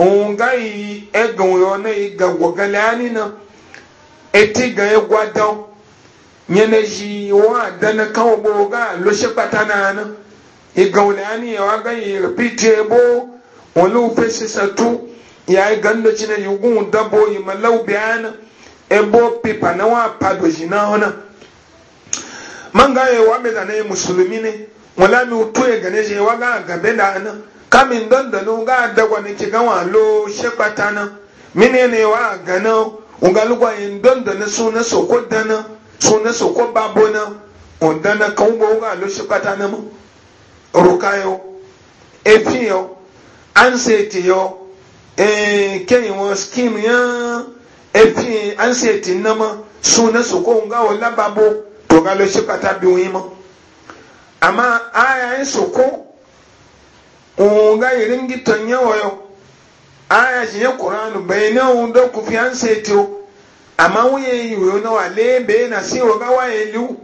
nga yi egan yi na yi ga gwagalani na eti e ga ya e e gwadon nyene wa dana kan bo ga lo se pata na na e igan ani wa ga yi repeat bo on lo pe se sa tu ya igan e lo chine yugun da bo yi malau biana e bo pipa na wa pa do ji na ona manga ye wa be da ne musulmi ne wala mi utu e gane wa ga ga be na kamin don da no ga da wa ne ki ga wa lo pata na mine ne wa ga na ungalugwa yin don da su na so ko na suna su ko babo na onda na kan bo ga lo shi kata na mu rukayo efiyo anseti yo eh kenyi won scheme ya efi anseti na ma suna su ko nga wala babo to ga lo shi kata bi wi mo amma aya yin su ko nga yirin gitan yawo yo aya shi ya qur'anu bainahu da ku fi anseti amma wuye yiwe na wa lebe na si oga wa elu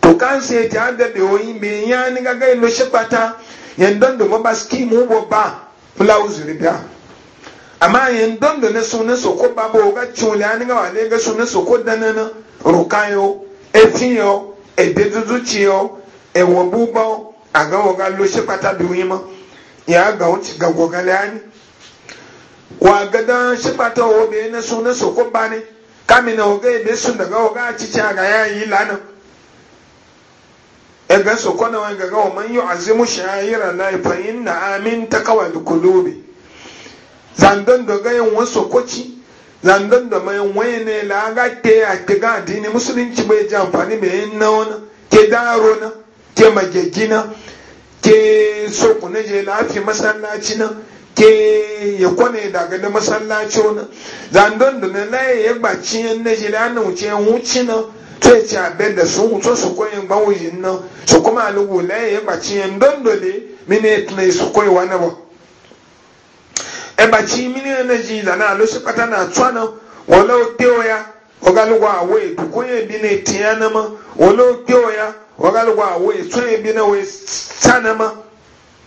to kan se ti adabe oyin be ya ni gaga ilo shepata yen dondo mo ba scheme bo ba pula uzuri bia amma yen dondo ne so ne so ko ba bo ga chule ani ga wa lebe so ne so ko danana rukayo etiyo ededuduchiyo ewo bubo aga oga lo shepata bi oyin mo ya ga uti ga gogale ani wa gada shepata wo be ne so ne so ko ba ni kamina oga ebe sun daga oga acici aga ya yi lana ega so kona wani gaga wa man yi azimu shayira na ifayin na amin ta kawai da kulobe zandon da yin wasu kwaci zandon da mai wani ne la aga te a te ga musulunci bai ji amfani mai yin na wani ke daro na ke magegina ke so kuna je lafi masallaci na ke ya kone daga da masallaci wani zandon da na laye ya gbaci yan na jira na wuce na to ci abe da sun wuce su koyi su kuma alugu laye ya gbaci yan na su koyi wani ba e na ji zana a lusu kata na awo koyi na etiya na ma walau teoya ogalugu awo etu na we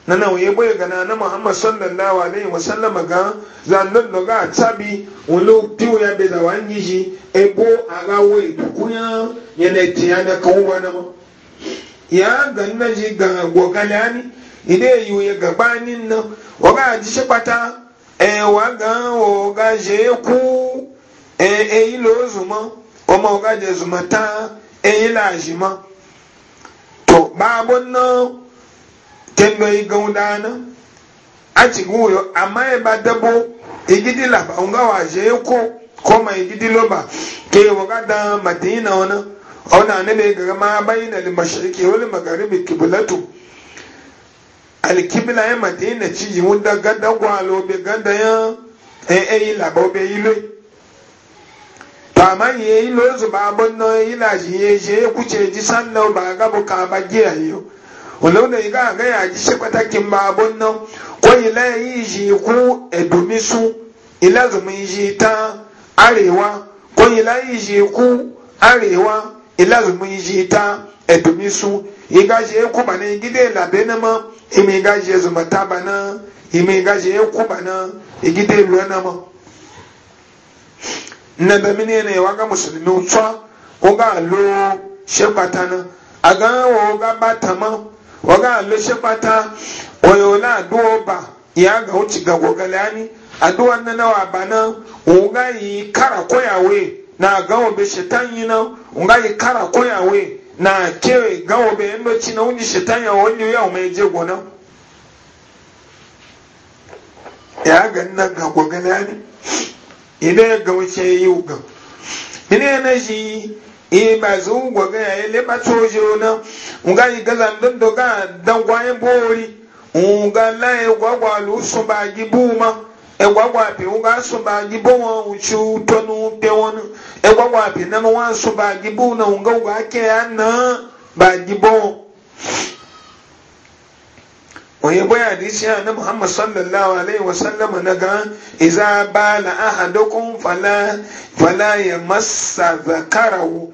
na na bai gana na muhammad sallallahu alaihi wa sallama ga za nan no ga tabi wani lo ya be da wan yiji ebo aga we dukunya ya na ti da kan wa na ma ya ga na ga go kalani ide yu ya ga banin na wa ga ji shi pata e wa ga o ga je ku e e ilo zuma o ma o ga je zuma ta e ila jima to babon nan kendo yi gawo dana a cikin wuyo amma ya ba dabo igidi la ba nga wa je ko ko ma igidi lo ba ke waga da madina wana ona ne be ga ma bayna al mashriqi wal magharibi qiblatu al qibla ya madina ci yi wunda gada gwalo be gada ya e e la ba be ile ta ma ye ilo zu ba bon no ila ji ye je ku ce ji san no ba ga bu ka ba giya yo olóòdò yìí káà kẹ́yà àjíṣe pàtàkì ń bá a bọ́ ná kó ilé yìí yí kú ẹ̀dùnmísù ilé àzùmí yí tán àríwá kó ilé yìí yí kú àríwá ilé àzùmí yí tán ẹ̀dùnmísù ìgáṣe kú bàná ìgídé làbẹ́ náà mọ́ ìmì ìgáṣe zùmọ̀tá bàná ìmì ìgáṣe kú bàná ìgídé lọ́ náà mọ́. nnadamini musulmi tswa ko ga lo shekpatana a ga wo ga batama waga lushe bata wayo na aduwa ba ya ga wuce ga gogalani aduwan na nawa ba na nga yi kara koyawe na gawo be shetan yi na nga yi kara koyawe na kewe gawo be yando ci na wuni shetan ya wani yau mai je gona ya ga nan ga gogalani ile ga wuce yi ga ina na shi e ba zuwa gogalani le ba tojo na nga yi gaza ndondo ga dangwaye bori nga la egwagwa lu sumba gibuma egwagwa pe e nga sumba gibuma uchu tonu pe wonu egwagwa pe na wa sumba gibuna nga uga ke na ba gibo oye boya disi na muhammad sallallahu alaihi wasallam na ga iza bala ahadukum fala fala yamassa zakarahu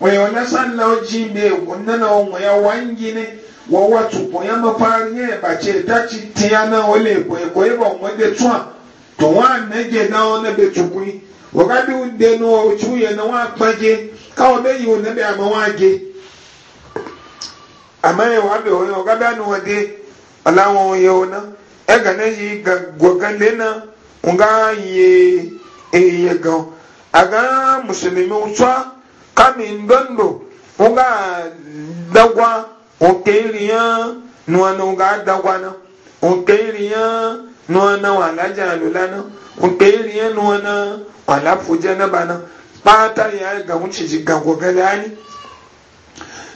wayona sallau jibe gunnana wa ya wangine wa watu ko ya mafari ne ba ce ta ci na wale ko ko ba mo de to wa na je na ona be tukui wa ga du de no o chu na wa paje ka o be yo ne be ama wa je ama ye wa be o ga ba de ala na e ga ne yi ga le na e ye aga kami ndondo nga dagwa okeriya nuwana nga dagwa na okeriya nuwana wala jalula na okeriya nuwana wala fuja fujana bana pata ya ga wuce jiga gogala ni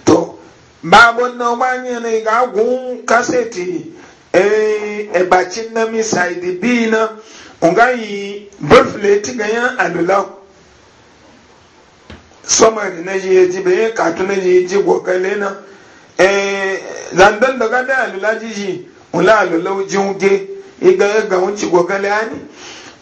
to babon na wani gun kaseti eh ebacin na mi side b na nga yi bafle ti ga yan alulau ne na ji ya ji bai katu na ji ya ji gogale na eh, zandan daga da alula ji ji wula alula jin ge iga ga wunci gogale ani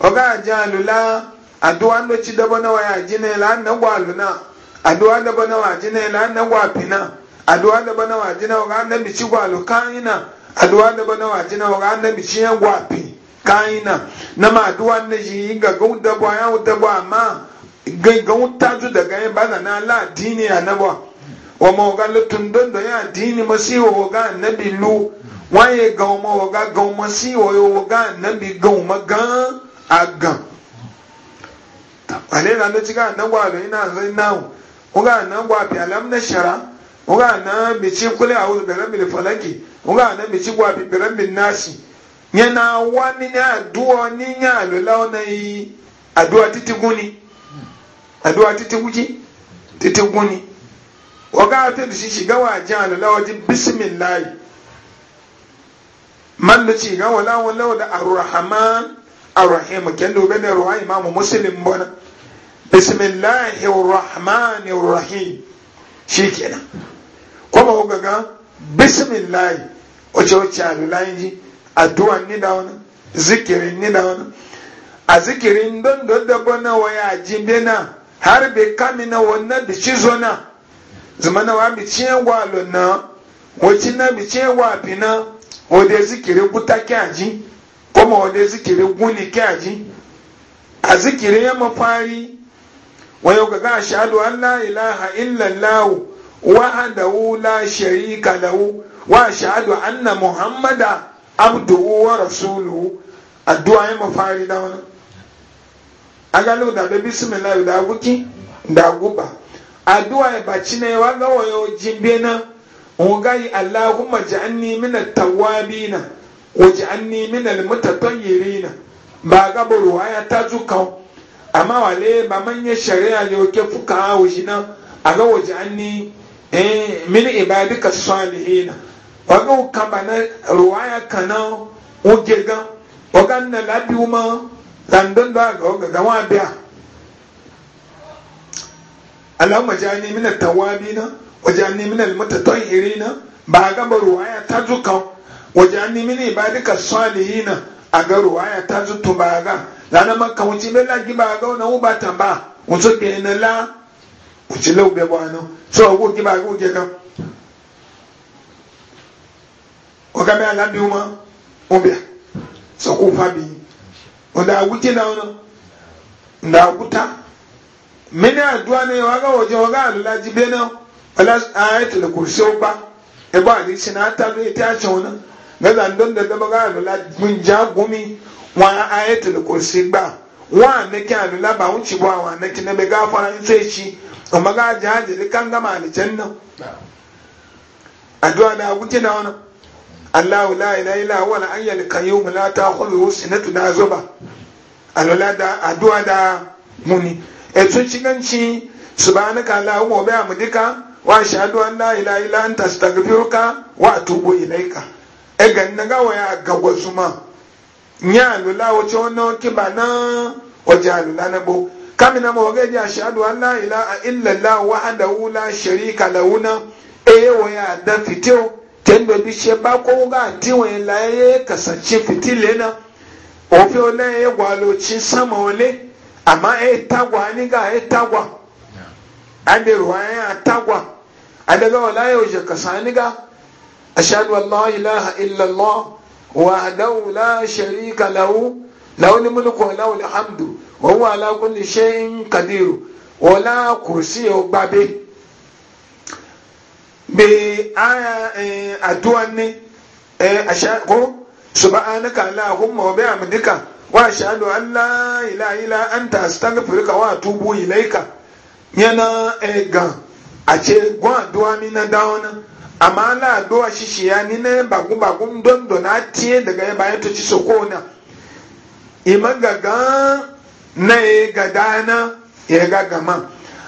oga aji alula aduwa ndo ci daba na waya ji na ila na gwa aluna aduwa daba na waya ji na ila na gwa pina aduwa daba na waya ji na oga na bici gwa alukayina aduwa daba na waya ji na oga na bici ya gwa pi kayina na ma aduwa na ji ga gauda gwa ya wuta gwa ma gangan tazu daga ya bana na la dini anabwa wa ma ga lutun don da ya dini masiwa wa ga annabi lu Wa ye ga ma wa ga ga masiwa yo wa ga annabi ga ma ga agan ale na da ciga nan gwa ina zai na ko ga nan gwa fi alam na shara ko ga nan bi ci kule a wurin garan bil falaki ko ga nan bi ci gwa bi garan bin nasi yana wani ne aduwa ni ya lulawa na yi aduwa titiguni addu'a wuji, titi wuni. Wa ka ta da shi shiga wajen alalawa ji bismillahi man da ci gawa lawon lawa da arrahman arrahim kan dobe da ruwa imamu muslim bona bismillahi arrahman arrahim shi kenan kuma kuka ga ce wace ce alalayin ji addu'a ni da wani zikirin ni da wani a zikirin don don dabba na waya jimbe na har bai kami na wannan bici zona zama na wa bici yawa lona wacin na bici yawa fina wadda zikiri guta kyaji kuma wadda zikiri guni aji a zikiri ya mafari wayo ga ga shahadu an la ilaha illallahu wahdahu la sharika lahu wa shahadu anna muhammada abduhu wa rasuluhu addu'a ya mafari da wannan agalo da be bismillah da guki da guba adu'a e baci wa ga wayo jimbe na gai allahumma ja'alni min at-tawwabin wa ja'alni min al-mutatayyirin ba ga buru aya ta zuka amma wale ba manye shari'a yo ke fuka hawo shi na aga waj'alni eh min ibadika salihin wa ga kamana bana ruwaya kana o gega o labiuma tandon da ga ga gawa biya Allahumma ja'alni min at-tawabina wa ja'alni min al-mutatahhirina ba ga ba ruwaya ta zuka wa ja'alni min ibadika salihina a ga ruwaya ta zutu ba ga na makka wuci be la giba ga na uba tamba wuci ke na la wuci lau be ba no so go giba go ke ka o ga be ala bi uma o be so ku fa bi wanda aguti na wani da aguta mini aduwa ne waga waje waga alula jibe na wala ayatul kursi ba e ba ni sina ta do ita ce wani ga zandon da daba ga alula mun ja gumi wa ayatul kursi ba wa ne ke alula ba wuce ba wa ne ki ne be gafara in sai shi amma ga jaji kan gama aljanna aduwa na aguti na wani Allahu la ila, illa huwa la an yalqa yawm la ta'khudhu sinatun la zuba. Alola da adu'a da muni. E tun ci kan ci subhanaka Allahumma wa bihamdika mu dika wa ashhadu an la ilaha illa anta astaghfiruka wa atubu ilayka. E gan na gawa ya gawa ma. Nya alola wa ci wannan kibana o ja alola na bo. Kami na mawage ji a an la ilaha illa Allah wahdahu la sharika lahu na. Eyewa ya dafitewa. tendo bishe ba ko ga tiwon la ye kasance fitile na ofe ole ye gwaloci sama ole amma e tagwa ni ga e tagwa ande ruwaye a tagwa adaga wala yau je kasani ga ashhadu an la ilaha illa allah wahdahu la sharika lahu lahu almulku wa lahu alhamdu wa huwa ala kulli shay'in qadir wala kursiyu gbabe be aya e, addu'an ne e, a ko subhanaka allahumma wa bihamdika wa ashhadu an la ilaha illa anta astaghfiruka wa atubu ilaika yana e, ga a ce gwa addu'a ni na dawana amma la addu'a shishi ya ni na bagun bagun don don na tiye daga ya bayan tuci sokona iman gaga na ya na ya gagama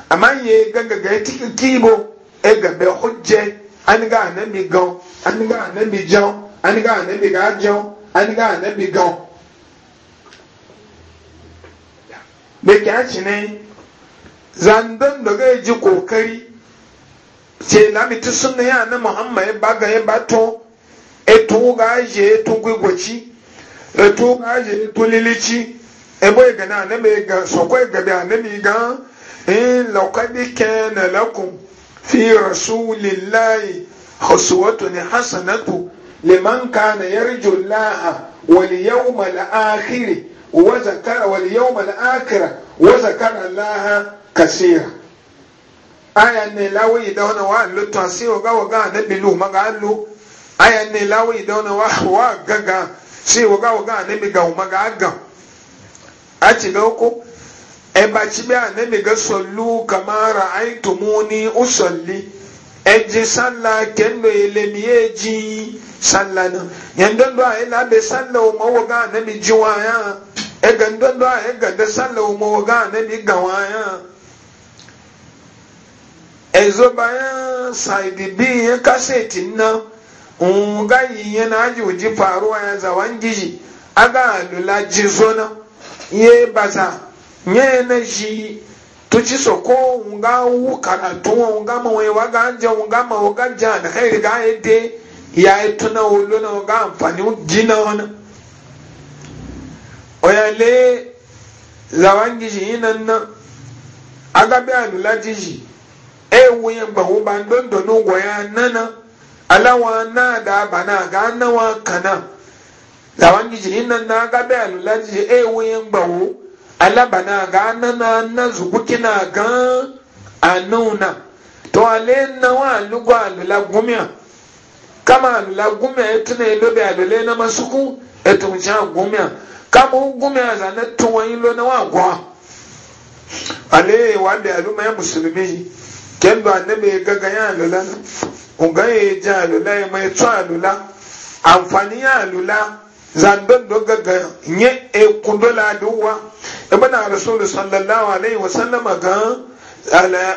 amma ya gagaga ya tiki kibo egabe hujje an ga annabi gan an ga annabi jan an ga annabi ga jan an ga annabi gan da kyaci ne zandan da ga ji kokari ce lamiti sunna ne na muhammad ba ga ya bato eto ga je eto gwigwaci eto ga je eto lilici ebo ga na annabi ga sokwa e ga bi annabi gan in laqad kana lakum fi rasulillahi uswatun hasanatu liman kana yarju Allah wal yawmal akhir wa zakara wal yawmal akhir wa zakara Allah kaseera aya ne lawo idona wa lutu asiyo ga waga na bilu maga allu aya ne lawo idona wa wa gaga si wa ga ne biga maga aga a ci ga ko ɛbakyi bi a ne ne ga sɔlu kamara ayitumuni usɔli ɛgye sanla kendo ele ni egyi sanla no yɛn dondo a ɛna abe sanla wɔn wɔ ga ne ne gyi wɔn aya ɛga dondo a ɛga de sanla wɔn wɔ ga ne ne ga wɔn aya ɛzobaya saidi bi yɛ kaseti na wɔn ga yi yɛn na agye ogyi paaro a yɛ za wɔn gyi aga alula gyi zo na yɛ bata. nye na shi tuci soko nga wu karatu nga ma wai wa ganja nga ma wa ganja da kai riga yadda ya yi tuna wulu na ga amfani gina wani oyale zawan gishi yinan nan agabe alula gishi e wuyen gbahu ba don donu goya nana alawa na da bana ga nawa kana zawan gishi yinan na agabe alula gishi e wuyen gbahu alaba na ga anana na zuguki na ga anuna to ale na wa alugo alula gumia kama alula gumia etu na elobe alule na masuku etu ncha gumia kama gumia za na tuwa ilo na wa gwa ale wa bi aluma ya musulmi kendo anabe gaga ya alula unga ye alula ya mai alula amfani ya alula zandon do gaga nye ekundola aduwa ibana rasul sallallahu alaihi wa sallam gan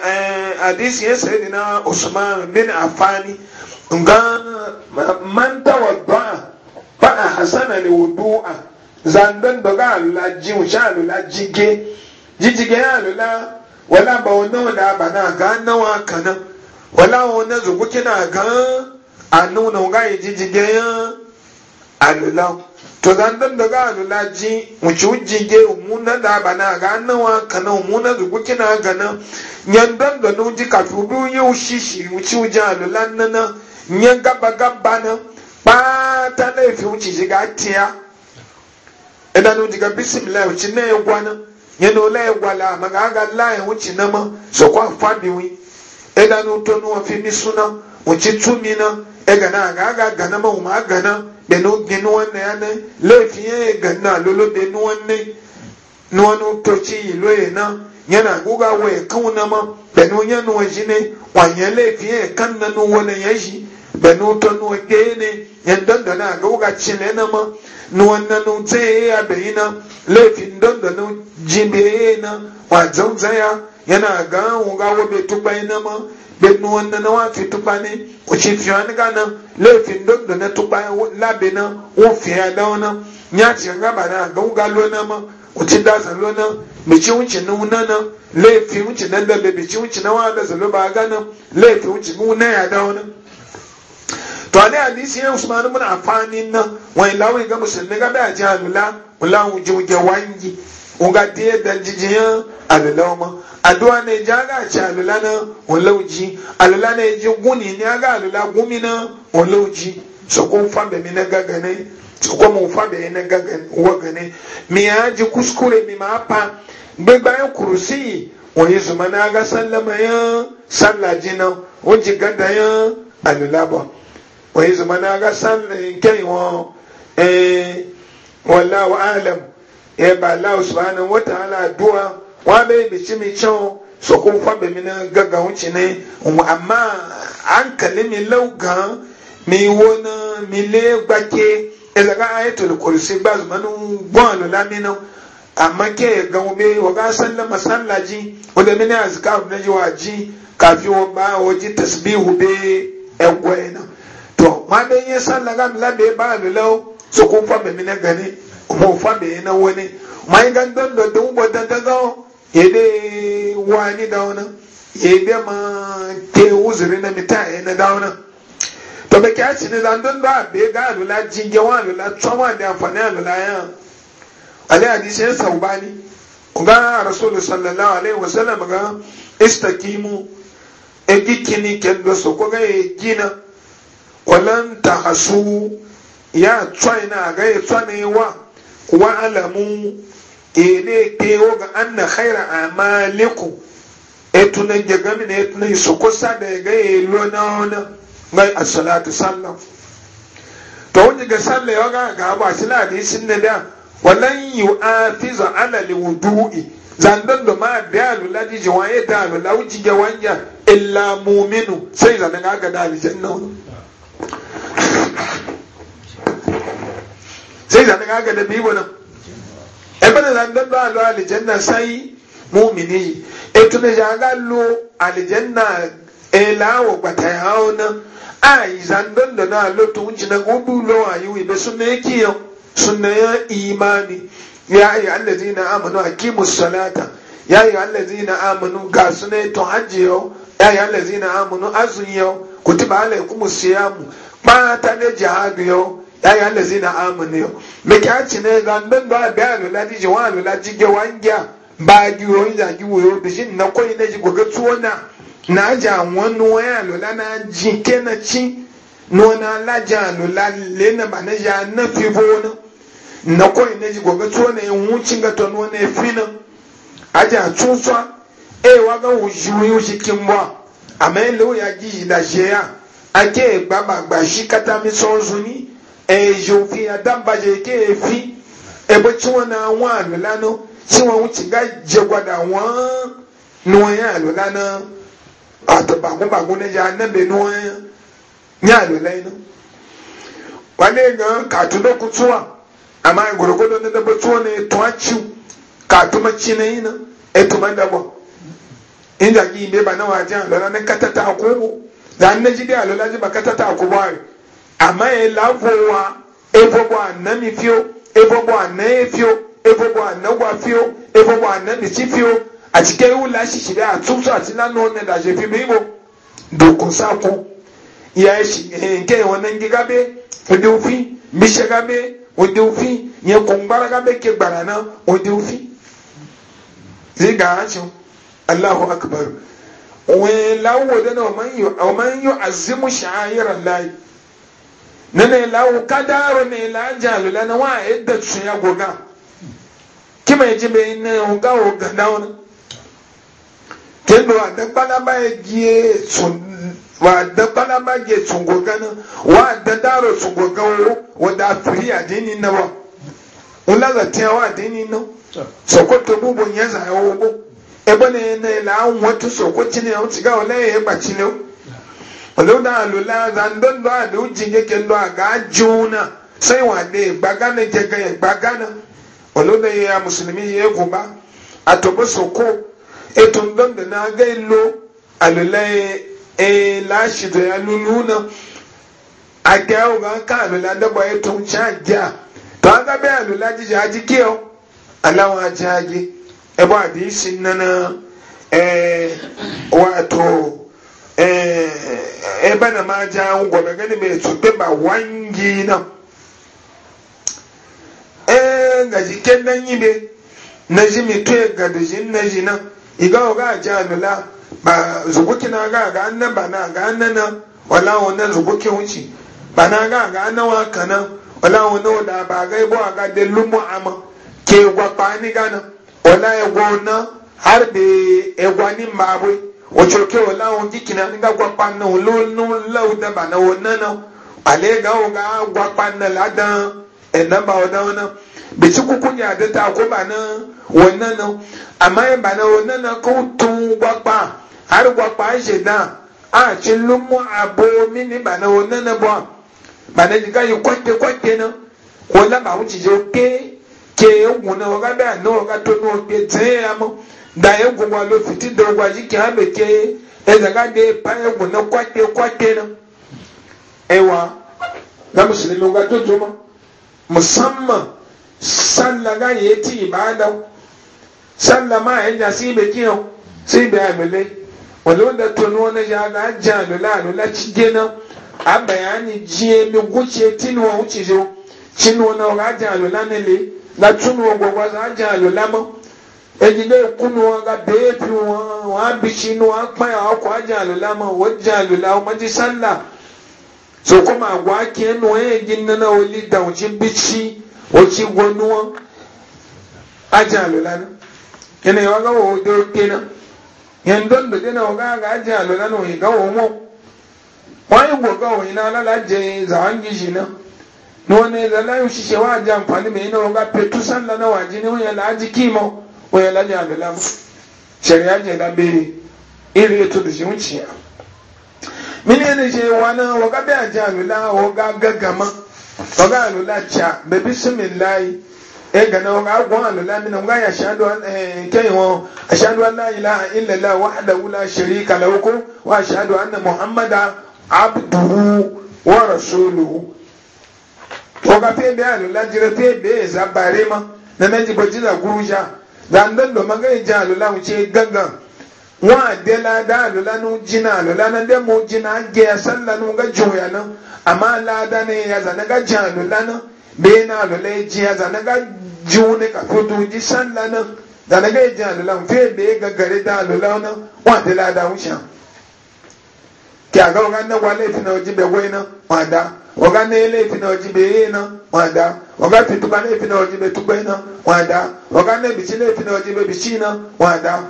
eh, hadisi ya sayyidina usman bin affani ga man tawadda fa ahsana li wudu'a zandan daga laji ushalu lajige jijige alula wala ba wannan da bana ga nawa kana wala wannan zugu kina gan anu na ga jijige alula to zan dan da ga lula ji mu ci wujji ge mu na da bana ga nawa kana mu na zugu kina ga nan yan dan da nu ji ka tu du yau shi shi mu ci wujja lula nan yan gaba gaba nan ba ta na fi mu ci ga tiya idan e nu ji ga bismillah ci ne ya gwana yan no la ya e gwala ma ga ga la e wuci na ma so kwa fa bi wi idan nu to nu fi mi suna mu tumi na e ga na ga ga na ma mu ma ga na benu di nuwanne ya ne laifin ya yi ganna lolo da nuwanne nuwanu toci ilo ya na yana guga wa ya na ma benu ya nuwa shi ne wanyan laifin ya kan na nuwa na ya shi benu ta nuwa ke ne yan dandana ga guga chile na ma nuwan na nu tsaye ya bayi na laifin dandana jibe ya na wa ya yana ga guga wa bai tuba na ma gbẹnu wọn na wafi fi tukpa ni kòtsi fi wani gana na lẹẹfin dondo na ya labẹ na wọn ya da na nyati ga ba na ga lọ lona ma daza da zan lọ na bìtsi wùtsi ni wọn na na lẹẹfin wùtsi na da bẹ bìtsi wùtsi na wọn da zan ba ga na lẹẹfin wùtsi ni ya da wọn na. to ale hadisi ya usman muna afani na wani ilawo ga musulmi ga bẹ ajiya lula wula wujin wangi. nga tie da jijiya alala ma aduwa ne ji aga ci alala na walauji alala ne ji guni ne aga alala gumi na walauji so ko fa be mi na gaga ne so ko mu fa be na gaga waga ne mi ya ji kuskure mi ma pa gbe bayan kursi won yi zuma na aga sallama ya sallaji na o ji gada ya alala ba won yi zuma na aga sallama kẹrin wọn eh wallahu a'lam e ba Allah subhanahu wa ta'ala du'a wa be bi ci mi chon so kun fa be min gaga wuci ne amma an kalimi lauga mi wona mi le gbake ilaga ayatul kursi ba zumanu gwanu lamina amma ke ga ube wa ga sallama sallaji wanda mini azkaru na jiwaji kafi wa ba waji tasbihu be na to ma be yin sallaga mi labe ba lulau su kun fa gani ko fa be na wani mai gandan da dun bodan ga gawo ede wani da wani ebe ma te wuzuri na mita e na da wani to be kya ci ne dan dun da be ga lula jinge wa lula tsoma da amfani a lula ya ali hadisin saubani ga rasulullahi sallallahu alaihi wasallam ga kini egikini kendo so ko ga e gina walan tahasu ya a tsaina ga ya e wa. wa'alamu ene pewo ga anna khaira amalikum etuna jagami na etuna isokosa da ga elo na ona ngai as-salatu sallam to wani ga salle ya ga ga ba sila da sin na da walan yu'afiza ala liwudu'i zandan da ma da lu ji jawaye da lu lauji ga wanja illa mu'minu sai zanan ga da aljanna sai zane ga da biyu nan ebana zan dan ba lo alijanna sai mu'mini e to ne ja ga lo alijanna e lawo gbata ya ona a yi dan da na lo to unji na gudu lo ayu ibe sunna yake yo sunna ya imani ya ayu allazina amanu aqimus salata ya ayu allazina amanu ga sunna to hajji yo ya ayu allazina amanu azun yo kutiba alaykumus siyamu pátá ne jihadu yo ya yi allazi na amini yau meke a ci ne zandon da abi alula ji ji wani lula ji ge wangiya ba gi yoyi da gi wuyo da shi na koyi na ji goga tuwo na na ji awon nuwa ya alula na ji ke na ci nuwa na laji alula le na ba na ji a na fi bo na na koyi na ji goga tuwo na yin wucin ga to nuwa na ya fi na a ji a tsuntsuwa e wa ga wuji wuyo shi kin e e ba amma yin lauya ji da shi ya ake gbagba shi kata mi sɔnzuni ejo fi adamba je ke fi ebe tí wọn na wọn àlọ lánà tí wọn ti ga jẹgbada wọn ni wọn yẹn àlọ lánà àtọbàgúnbàgún níjà anábẹ ni wọn yẹn àlọ lẹnu. ka lè yan kàtúndókù tún ama àmọ ìgbòrògbòdò ní dẹbẹ wọn ni tún á tún kàtúmọ kata ama elagowa evobo anami fio evobo anaye fio evobo anagwa fio evobo anamisi fio atike ewu la sisire atuso ati lana one la se fi bibo dokunsaku ya esi nke onangi gabe ode ofi mise gabe ode ofi yẹn kò ń gbára gabe ke gbàrà náà ode ofi ziga aṣọ alahu akbar wọn lawo dana ọmọ yọ azimu ṣe ayẹrẹ láyé nana ila wo kadaaro na ila ajaalo la na wa eda tuya goga kima eji be na oga oga daona kendo adakpalaba egie tun wa adakpalaba je tun goga na wa adadaaro tun goga wo wo da firi adini na wa olaga tiya wa adini na sokoto bubu nyeza ya wo bo ebe na ila anwo tu sokoto ne ya wuti ga ola ya egbachi ne wo. olu da alula za ndo ndo a da uji nye ke ndo a ga juna sai wa de gbagana ke ga ya gbagana olu da ya musulmi ya ku ba a to ba so ko e to ndo ndo na ga ilo alula e, e la shi da ya luluna a ga o ga ka alula da ba e to cha ja to aga be alula ji ja ji ke o ala alawa ja ji e ba di sin nana eh wato Eh, ebe na ma ja ngwa be gani me tupe ba wangi na eh ga jike na nyibe na ji mi to ga do jin na ji na iga ga ja nula ba zuguki na ga ga annan ba na ga annan na wala wannan zuguki wuci ba na ga ga annan wa kana wala wannan da ba ga ibo ga de lumu ama ke gwa pa ni gana wala e gwa na har be e gwa ni mabwe wacce ke wala on dikina ni ga gwapa na lo no na wona na ale ga o ga gwapa na la da e na ba o da wona ko ba na wona na amma e ba na wona na ko tun gwapa har gwapa je da a ci lumu abo mini ba na wona na ba ba na ga yi kwate kwate na ko la ba wuci je ke ke yungu na waga ba na ga to no ke tsaye amma da ya gwa lo fiti da gwa jiki ha beke e daga de pa ya gwa e na kwate kwate na ewa na musulmi ga to juma musamman sallah ga yeti ibada sallah e ya ja si beke yo si be amele wato da to no na ja ga ja lo la lo la ci gena a bayani jiye mi guce tinwa wuce jo cinwa na ga ja lo la ne na tunwa gwa gwa za ja lo la ejide kunu wọn ka deeti wọn wọn abisi nu wọn kpanya wọn kọ ajan alula ma so kuma agwa akẹ́ nu wọn egi da wọn ti bisi wọn ti gbọ nu wọn ajan alula na yẹn yẹn wọn ka wọn doro ke na yẹn dondo na na alala jẹ zawan gizi ni wọn na yẹn lalayi sise petu salla na wọn aji ni la aji kii wọ́n yẹ lálẹ́ àlọ́lá mú ṣẹ̀rí àjẹ̀dá béèrè èrè ètò ìṣẹ́ ń ṣìyà mílíọ̀nù ṣe wà náà wọ́gá bẹ́ẹ̀ àjẹ́ àlọ́lá wọ́gá gàgàmá wọ́gá àlọ́lá ṣá bẹ̀bí sími láàyè ẹ gànà wọ́gá gbọ́n àlọ́lá mi náà wọ́gá yà kẹ́yìn wọn aṣáájú aláìlá ilẹ̀lá wàhálàwùlá ṣẹ̀rí kàlàwókó wà aṣáájú anna muhammad abduhu wa rasuluhu wọ́gá pé bẹ́ẹ̀ jẹrẹ pé ma zandan do magai e ja lula mu ce gangan wa dela da lula nu jina lula na de mu jina ge asalla nu ga joya nan amma lada ne ya zana ga ja lula nan be na alula e ji ya zana ga june ka kudu ji sallana da zana ga e ja alula fe be ga gare da lula nan wa dela da mu ti aga oga ne wa leti na oji be wei na wa da oga ne leti na oji be ye na wa da oga ti tuba na oji be tuba na wa da oga ne bichi leti na oji be bichi na wa da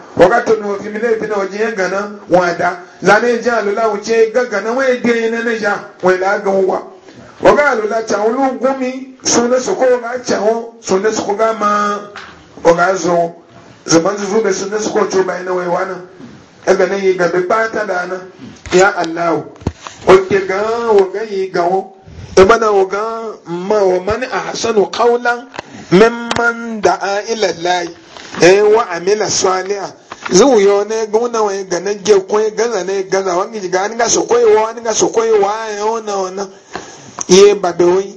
to no fi mi leti na oji yenga na wa da za ne je alula uche gaga na we de ne ne ja we la ga wa oga alula cha ulu gumi sunne soko oga cha ho sunne soko ga ma oga zo zaman zuzu be sunne soko to bai na we wana ẹgbẹ́ náà yi gàdé pátá dáná yá aláwọ̀ òkè gan wọ̀gá yìí gan wọ́n ẹgbẹ́ náà wọ̀gá mma wọ́n ní àhásánù káwọ́lá mẹ́mà ń dà á ilẹ̀ láàyè ẹ̀ wọ́n àmì là sọ alẹ́ à zuwu yɔ ne gbɔn na wɔn gana gye kɔn gana ne gana e, wɔn e, mi gana ni ka so kɔn wɔ ne ka so kɔn wɔ ayɛ wɔn na wɔn na yɛ ba bɛ wɔn yi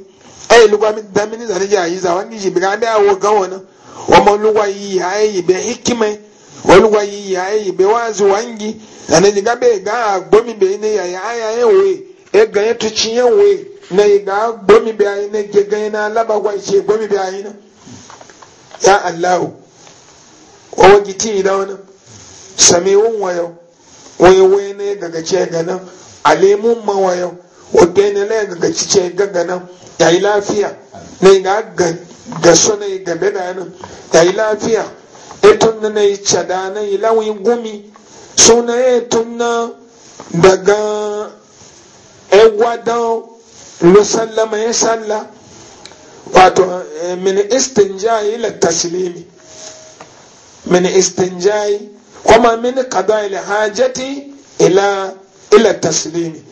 ɛyɛ lugba mi ni ne zane gye ayi za wɔn mi gye bi ka bɛ awɔ gan wɔn na wɔn mo lugba yi ayɛ e, yi bɛ hikima yi. woluwa yi yi be wazi wangi ane ni gabe ga gbomi be ne yaye aya ye we e ga ye tu chi ye we na yi ga gbomi be ayi ne ge ga na yi kwa chi gbomi be ayi na ya allah o wa giti da wani, sami wun wayo we we ne daga che ga na alemun ma wayo o ke ne le daga chi che ga ga na yi lafiya ne ga ga so ne ga be da na yi lafiya etun na na ichada na yi lawin so na etun na daga egwadan lusallama ya salla wato eh, mini istinjai ila taslimi mini istinjai kuma mini kada ila hajati ila ila taslimi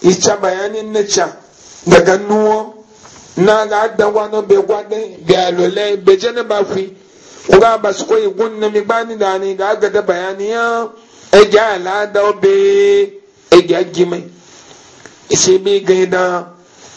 icha bayanin na cha daga nuwo na ga da wani bai gwade bialole bai jana ba fi kuga ba su koyi gun na mi gbani da ni ga aga da bayani ya ege ala da obe ege agime isi bi gani da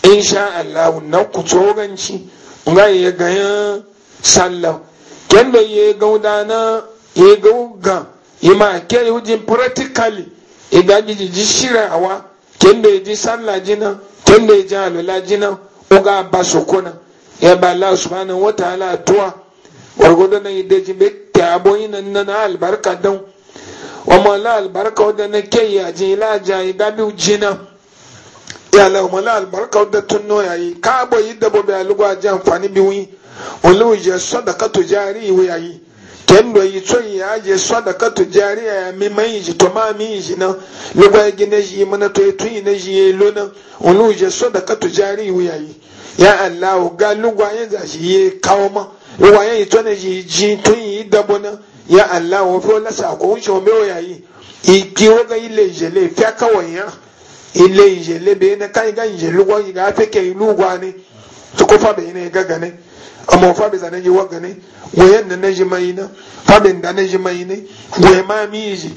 insha Allah na kuto ganci nga ye ganya sallah kendo ye gauda na ye gauga ima ke yujin practically iga e gidi ji shirawa kendo ye ji sallah jina kendo ye ji alula jina oga ba kuna ya ba Allah wata wa ta'ala atuwa gwargwado na yi daji bai tabo yi na albarka don wa ma la albarka wadda na ke ya ji la ja yi gabi jina ya la ma la albarka wadda tun no ya yi ka bo yi dabo bai alugu amfani bi wi wani wujen sadaka to jari yi ya yi kendo yi tson ya je sadaka to jariya ya mi mai ji to ma mi ji na lugwa ya gi na ji mana to tu yi na ji ye lo na onu je sadaka to jari yi ya yi ya allah ga lu gwa ye za shi ye kawo ma lugwa ye to na ji ji to yi dabo na ya allah o fo la sa ko sho me o ya yi iki wo ga ile je le fa ka wo ya ile je le be na kai ga je lugwa yi ga fe ke lu gwa ni to ko fa be ne ga ga ne amma fa bi zanen yiwa gane wayan da na ji mai na fa da na ji mai ne wai ma mi ji